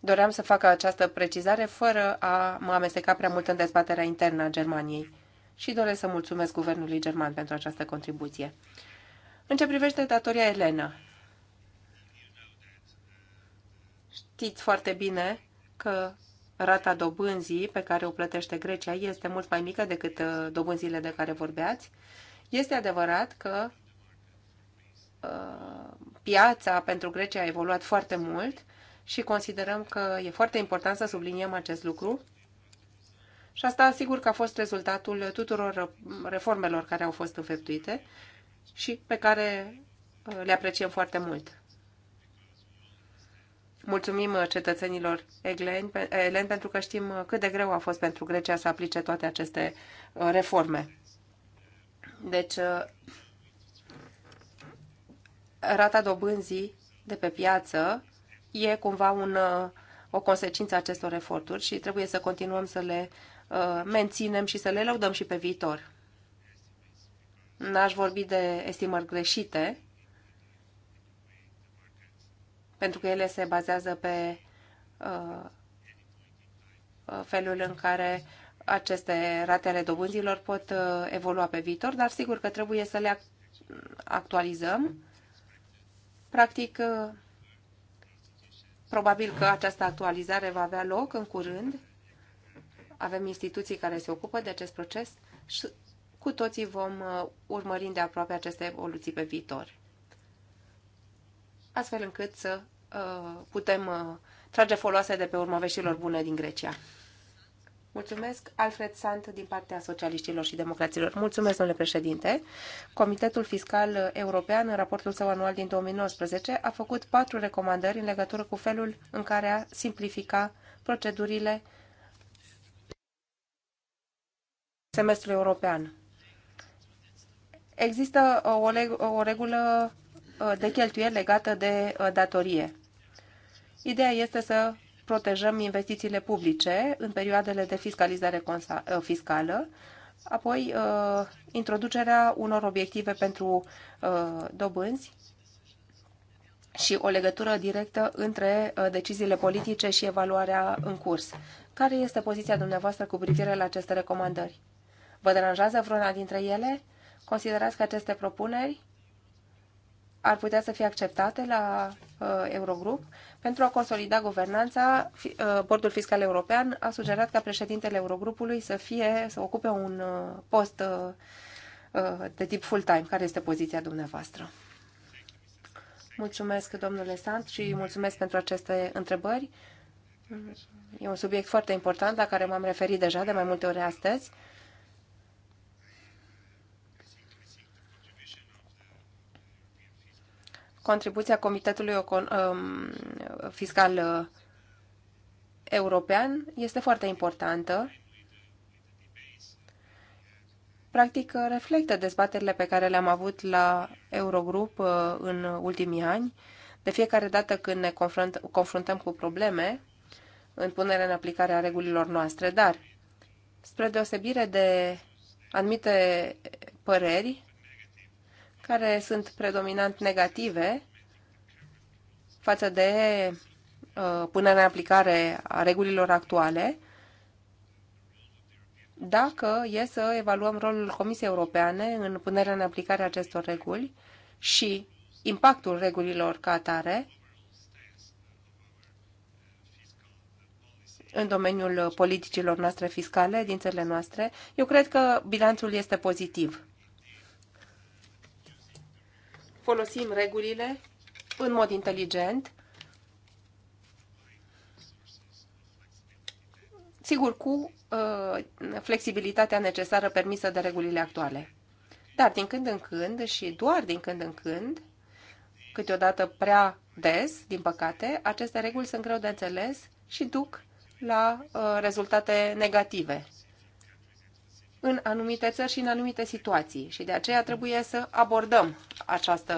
A: doream să fac această precizare fără a mă amesteca prea mult în dezbaterea internă a Germaniei și doresc să mulțumesc guvernului german pentru această contribuție. În ce privește datoria Elena, știți foarte bine că rata dobânzii pe care o plătește Grecia este mult mai mică decât uh, dobânzile de care vorbeați. Este adevărat că uh, piața pentru Grecia a evoluat foarte mult și considerăm că e foarte important să subliniem acest lucru. Și asta sigur că a fost rezultatul tuturor uh, reformelor care au fost înfăptuite și pe care le apreciem foarte mult. Mulțumim uh, cetățenilor Elen pentru că știm uh, cât de greu a fost pentru Grecia să aplice toate aceste uh, reforme. Deci, rata dobânzii de pe piață e cumva un, o consecință a acestor eforturi și trebuie să continuăm să le menținem și să le lăudăm și pe viitor. N-aș vorbi de estimări greșite, pentru că ele se bazează pe uh, felul în care aceste rate ale dobânzilor pot uh, evolua pe viitor, dar sigur că trebuie să le actualizăm. Practic, uh, probabil că această actualizare va avea loc în curând. Avem instituții care se ocupă de acest proces și cu toții vom urmări de aproape aceste evoluții pe viitor, astfel încât să Uh, putem uh, trage foloase de pe urma veștilor bune din Grecia. Mulțumesc, Alfred Sant, din partea socialiștilor și democraților. Mulțumesc, domnule președinte. Comitetul Fiscal European, în raportul său anual din 2019, a făcut patru recomandări în legătură cu felul în care a simplifica procedurile semestrului european. Există o, o regulă uh, de cheltuieli legată de datorie Ideea este să protejăm investițiile publice în perioadele de fiscalizare uh, fiscală, apoi uh, introducerea unor obiective pentru uh, dobânzi și o legătură directă între deciziile politice și evaluarea în curs. Care este poziția dumneavoastră cu privire la aceste recomandări? Vă deranjează vreuna dintre ele? Considerați că aceste propuneri ar putea să fie acceptate la uh, Eurogrup? Pentru a consolida guvernanța, uh, Bordul Fiscal European a sugerat ca președintele Eurogrupului să fie, să ocupe un uh, post uh, de tip full-time. Care este poziția dumneavoastră? Mulțumesc, domnule Sant, și mulțumesc pentru aceste întrebări. E un subiect foarte important la care m-am referit deja de mai multe ori astăzi. contribuția Comitetului um, Fiscal uh, European este foarte importantă. Practic, uh, reflectă dezbaterile pe care le-am avut la Eurogrup uh, în ultimii ani. De fiecare dată când ne confruntăm cu probleme în punerea în aplicare a regulilor noastre, dar spre deosebire de anumite păreri care sunt predominant negative față de uh, punerea în aplicare a regulilor actuale, dacă e să evaluăm rolul Comisiei Europeane în punerea în aplicare a acestor reguli și impactul regulilor ca atare în domeniul politicilor noastre fiscale din țările noastre, eu cred că bilanțul este pozitiv folosim regulile în mod inteligent, sigur cu uh, flexibilitatea necesară permisă de regulile actuale. Dar din când în când și doar din când în când, câteodată prea des, din păcate, aceste reguli sunt greu de înțeles și duc la uh, rezultate negative în anumite țări și în anumite situații și de aceea trebuie să abordăm această,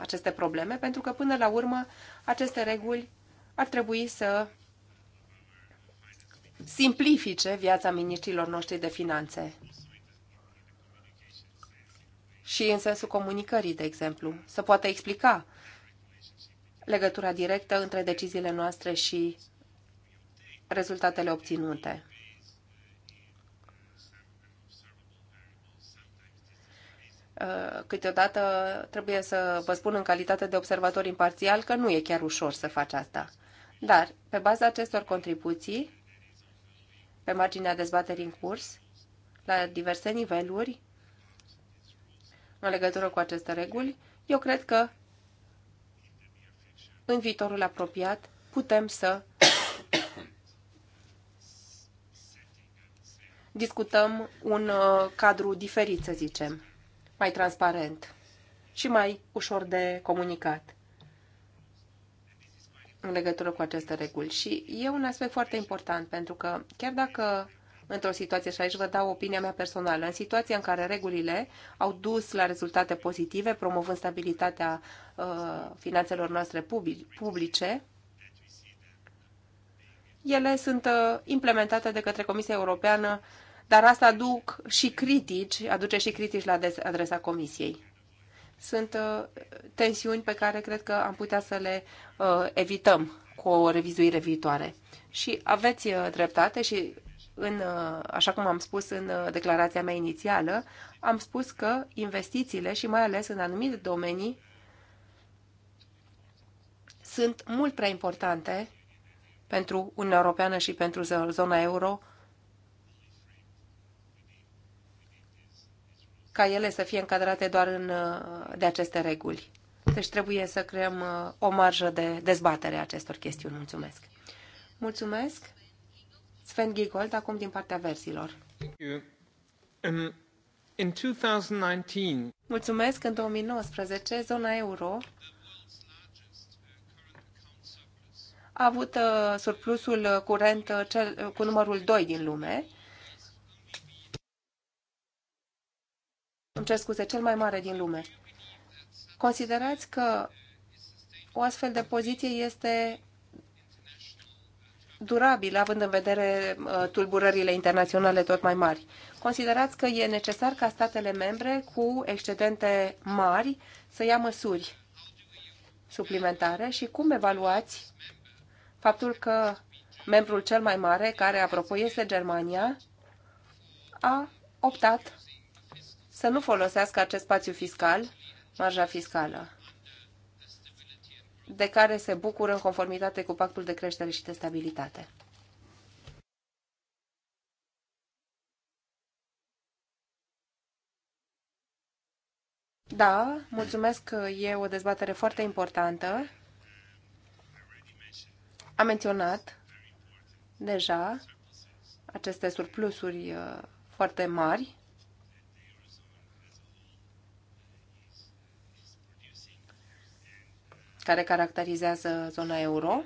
A: aceste probleme pentru că până la urmă aceste reguli ar trebui să simplifice viața miniștrilor noștri de finanțe și în sensul comunicării, de exemplu, să poată explica legătura directă între deciziile noastre și rezultatele obținute. Uh, câteodată trebuie să vă spun în calitate de observator imparțial că nu e chiar ușor să faci asta. Dar, pe baza acestor contribuții, pe marginea dezbaterii în curs, la diverse niveluri, în legătură cu aceste reguli, eu cred că în viitorul apropiat putem să discutăm un uh, cadru diferit, să zicem mai transparent și mai ușor de comunicat în legătură cu aceste reguli. Și e un aspect foarte important, pentru că chiar dacă într-o situație, și aici vă dau opinia mea personală, în situația în care regulile au dus la rezultate pozitive, promovând stabilitatea uh, finanțelor noastre publice, ele sunt uh, implementate de către Comisia Europeană dar asta aduc și critici, aduce și critici la adresa Comisiei. Sunt uh, tensiuni pe care cred că am putea să le uh, evităm cu o revizuire viitoare. Și aveți uh, dreptate și în, așa cum am spus în declarația mea inițială, am spus că investițiile și mai ales în anumite domenii sunt mult prea importante pentru Uniunea Europeană și pentru zona euro ca ele să fie încadrate doar în, de aceste reguli. Deci trebuie să creăm uh, o marjă de dezbatere a acestor chestiuni. Mulțumesc! Mulțumesc! Sven Giegold, acum din partea versilor.
C: Um, in 2019...
A: Mulțumesc! În 2019, zona euro a avut uh, surplusul curent uh, cel, cu numărul 2 din lume, îmi cer scuze, cel mai mare din lume. Considerați că o astfel de poziție este durabil, având în vedere uh, tulburările internaționale tot mai mari. Considerați că e necesar ca statele membre cu excedente mari să ia măsuri suplimentare și cum evaluați faptul că membrul cel mai mare, care apropo este Germania, a optat să nu folosească acest spațiu fiscal, marja fiscală, de care se bucură în conformitate cu Pactul de Creștere și de Stabilitate. Da, mulțumesc că e o dezbatere foarte importantă. Am menționat deja aceste surplusuri uh, foarte mari care caracterizează zona euro.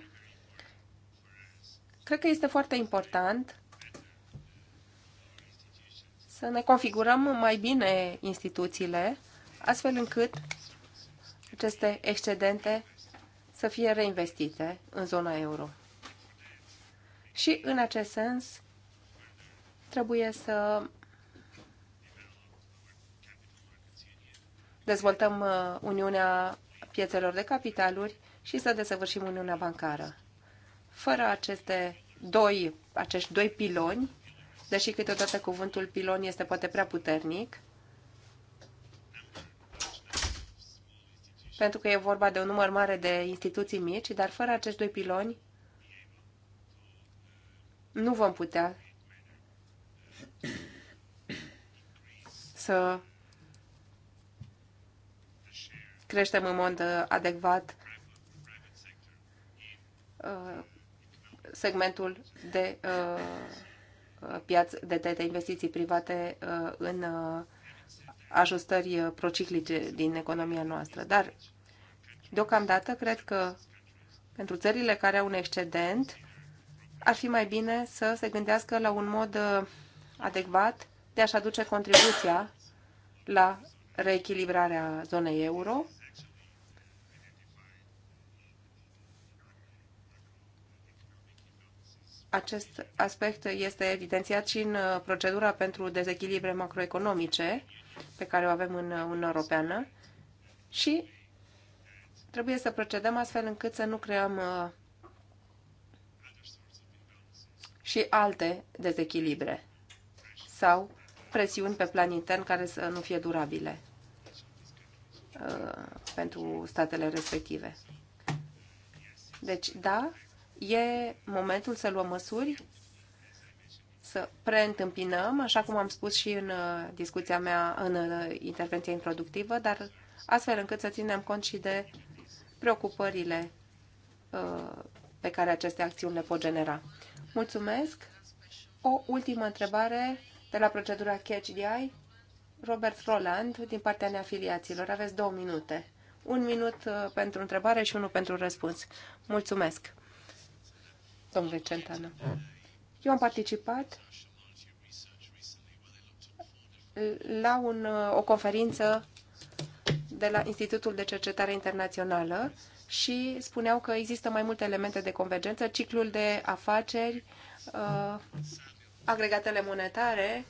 A: Cred că este foarte important să ne configurăm mai bine instituțiile, astfel încât aceste excedente să fie reinvestite în zona euro. Și în acest sens trebuie să dezvoltăm uh, Uniunea piețelor de capitaluri și să desăvârșim Uniunea Bancară. Fără aceste doi, acești doi piloni, deși câteodată cuvântul pilon este poate prea puternic, pentru că e vorba de un număr mare de instituții mici, dar fără acești doi piloni nu vom putea să creștem în mod uh, adecvat uh, segmentul de uh, piață de, de investiții private în ajustări prociclice din economia noastră. Dar, deocamdată, cred că pentru țările care au un excedent, ar fi mai bine să se gândească la un mod adecvat de a-și aduce contribuția la reechilibrarea zonei euro acest aspect este evidențiat și în uh, procedura pentru dezechilibre macroeconomice pe care o avem în uh, Uniunea Europeană și trebuie să procedăm astfel încât să nu creăm uh, și alte dezechilibre sau presiuni pe plan intern care să nu fie durabile pentru statele respective. Deci, da, e momentul să luăm măsuri, să preîntâmpinăm, așa cum am spus și în uh, discuția mea, în uh, intervenția introductivă, dar astfel încât să ținem cont și de preocupările uh, pe care aceste acțiuni le pot genera. Mulțumesc! O ultimă întrebare de la procedura Catch the Eye. Robert Roland, din partea neafiliaților. Aveți două minute. Un minut pentru întrebare și unul pentru răspuns. Mulțumesc! domnului Centană. Eu am participat la un, o conferință de la Institutul de Cercetare Internațională și spuneau că există mai multe elemente de convergență, ciclul de afaceri, uh, agregatele monetare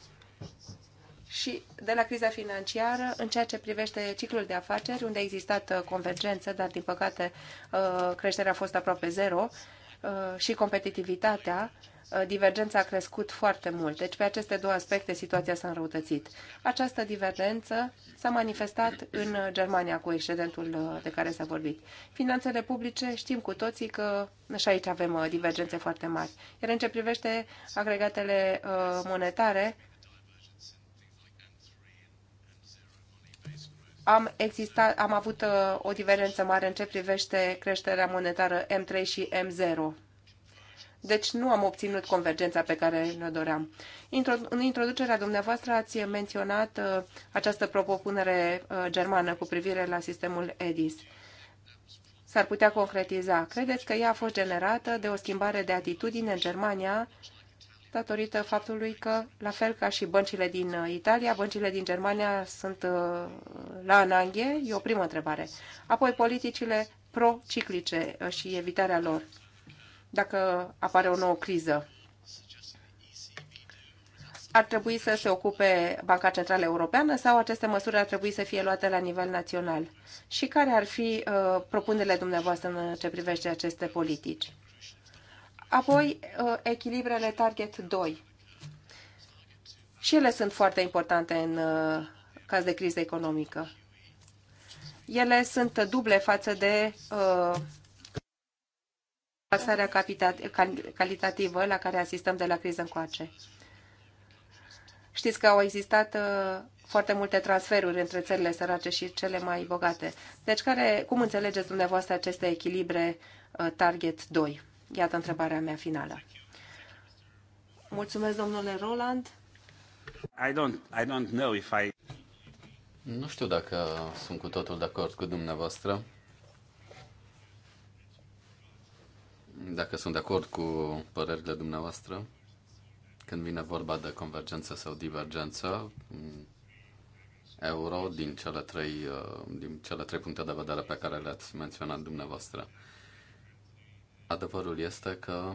A: și de la criza financiară, în ceea ce privește ciclul de afaceri, unde a existat uh, convergență, dar din păcate uh, creșterea a fost aproape zero, uh, Uh, și competitivitatea, uh, divergența a crescut foarte mult. Deci pe aceste două aspecte situația s-a înrăutățit. Această divergență s-a manifestat în Germania cu excedentul uh, de care s-a vorbit. Finanțele publice știm cu toții că și aici avem divergențe foarte mari. Iar în ce privește agregatele monetare, am, existat, am avut uh, o divergență mare în ce privește creșterea monetară M3 și M0. Deci nu am obținut convergența pe care ne doream. În introducerea dumneavoastră ați menționat uh, această propunere uh, germană cu privire la sistemul EDIS. S-ar putea concretiza. Credeți că ea a fost generată de o schimbare de atitudine în Germania datorită faptului că, la fel ca și băncile din uh, Italia, băncile din Germania sunt uh, la ananghe? E o primă întrebare. Apoi, politicile prociclice uh, și evitarea lor, dacă apare o nouă criză. Ar trebui să se ocupe Banca Centrală Europeană sau aceste măsuri ar trebui să fie luate la nivel național? Și care ar fi uh, propunerile dumneavoastră în ce privește aceste politici? Apoi, uh, echilibrele Target 2. Și ele sunt foarte importante în uh, caz de criză economică. Ele sunt duble față de pasarea uh, calitativă la care asistăm de la criză încoace. Știți că au existat foarte multe transferuri între țările sărace și cele mai bogate. Deci, care, cum înțelegeți dumneavoastră aceste echilibre Target 2? Iată întrebarea mea finală. Mulțumesc, domnule Roland.
B: I don't, I don't know if I... Nu știu dacă sunt cu totul de acord cu dumneavoastră. Dacă sunt de acord cu părerile dumneavoastră, când vine vorba de convergență sau divergență, euro din cele trei, uh, din cele trei puncte de vedere pe care le-ați menționat dumneavoastră. Adevărul este că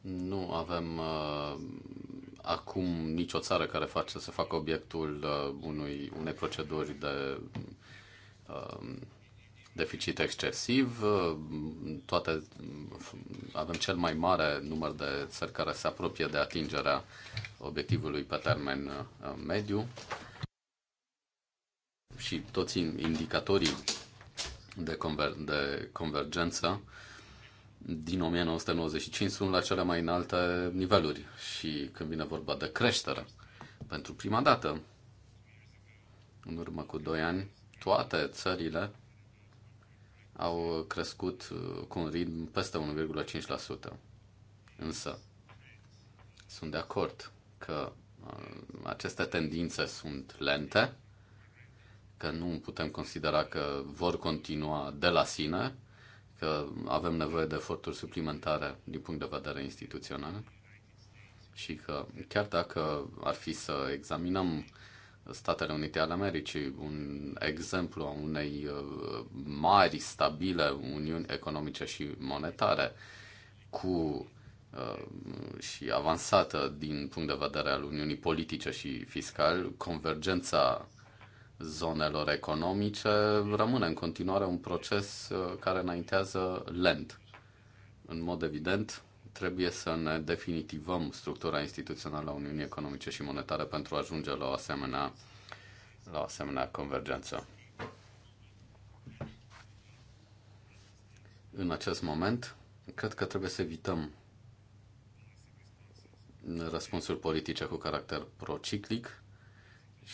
B: nu avem uh, acum nicio țară care face să facă obiectul uh, unui, unei proceduri de uh, deficit excesiv. Uh, toate, avem cel mai mare număr de țări care se apropie de atingerea obiectivului pe termen uh, mediu și toți indicatorii de, conver- de convergență uh, din 1995 sunt la cele mai înalte niveluri și când vine vorba de creștere, pentru prima dată, în urmă cu 2 ani, toate țările au crescut uh, cu un ritm peste 1,5%. Însă, sunt de acord că uh, aceste tendințe sunt lente, că nu putem considera că vor continua de la sine, că avem nevoie de eforturi suplimentare din punct de vedere instituțional și că chiar dacă ar fi să examinăm Statele Unite ale Americii, un exemplu a unei uh, mari, stabile uniuni economice și monetare cu uh, și avansată din punct de vedere al Uniunii politice și fiscal, convergența zonelor economice rămâne în continuare un proces uh, care înaintează lent. În mod evident, trebuie să ne definitivăm structura instituțională a Uniunii Economice și Monetare pentru a ajunge la o asemenea, la o asemenea convergență. În acest moment, cred că trebuie să evităm răspunsuri politice cu caracter prociclic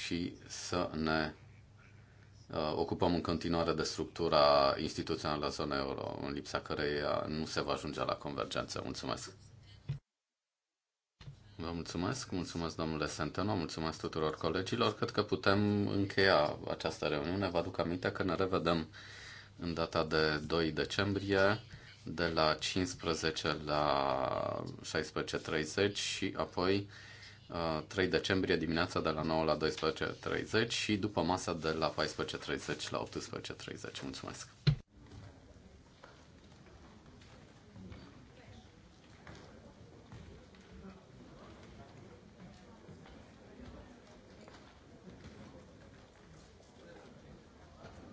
B: și să ne uh, ocupăm în continuare de structura instituțională a zonei euro, în lipsa căreia nu se va ajunge la convergență. Mulțumesc! Vă mulțumesc, mulțumesc domnule Senteno, mulțumesc tuturor colegilor. Cred că putem încheia această reuniune. Vă aduc aminte că ne revedem în data de 2 decembrie de la 15 la 16.30 și apoi 3 uh, decembrie dimineața de la 9 la 12.30 și după masa de la 14.30 la 18.30. Mulțumesc!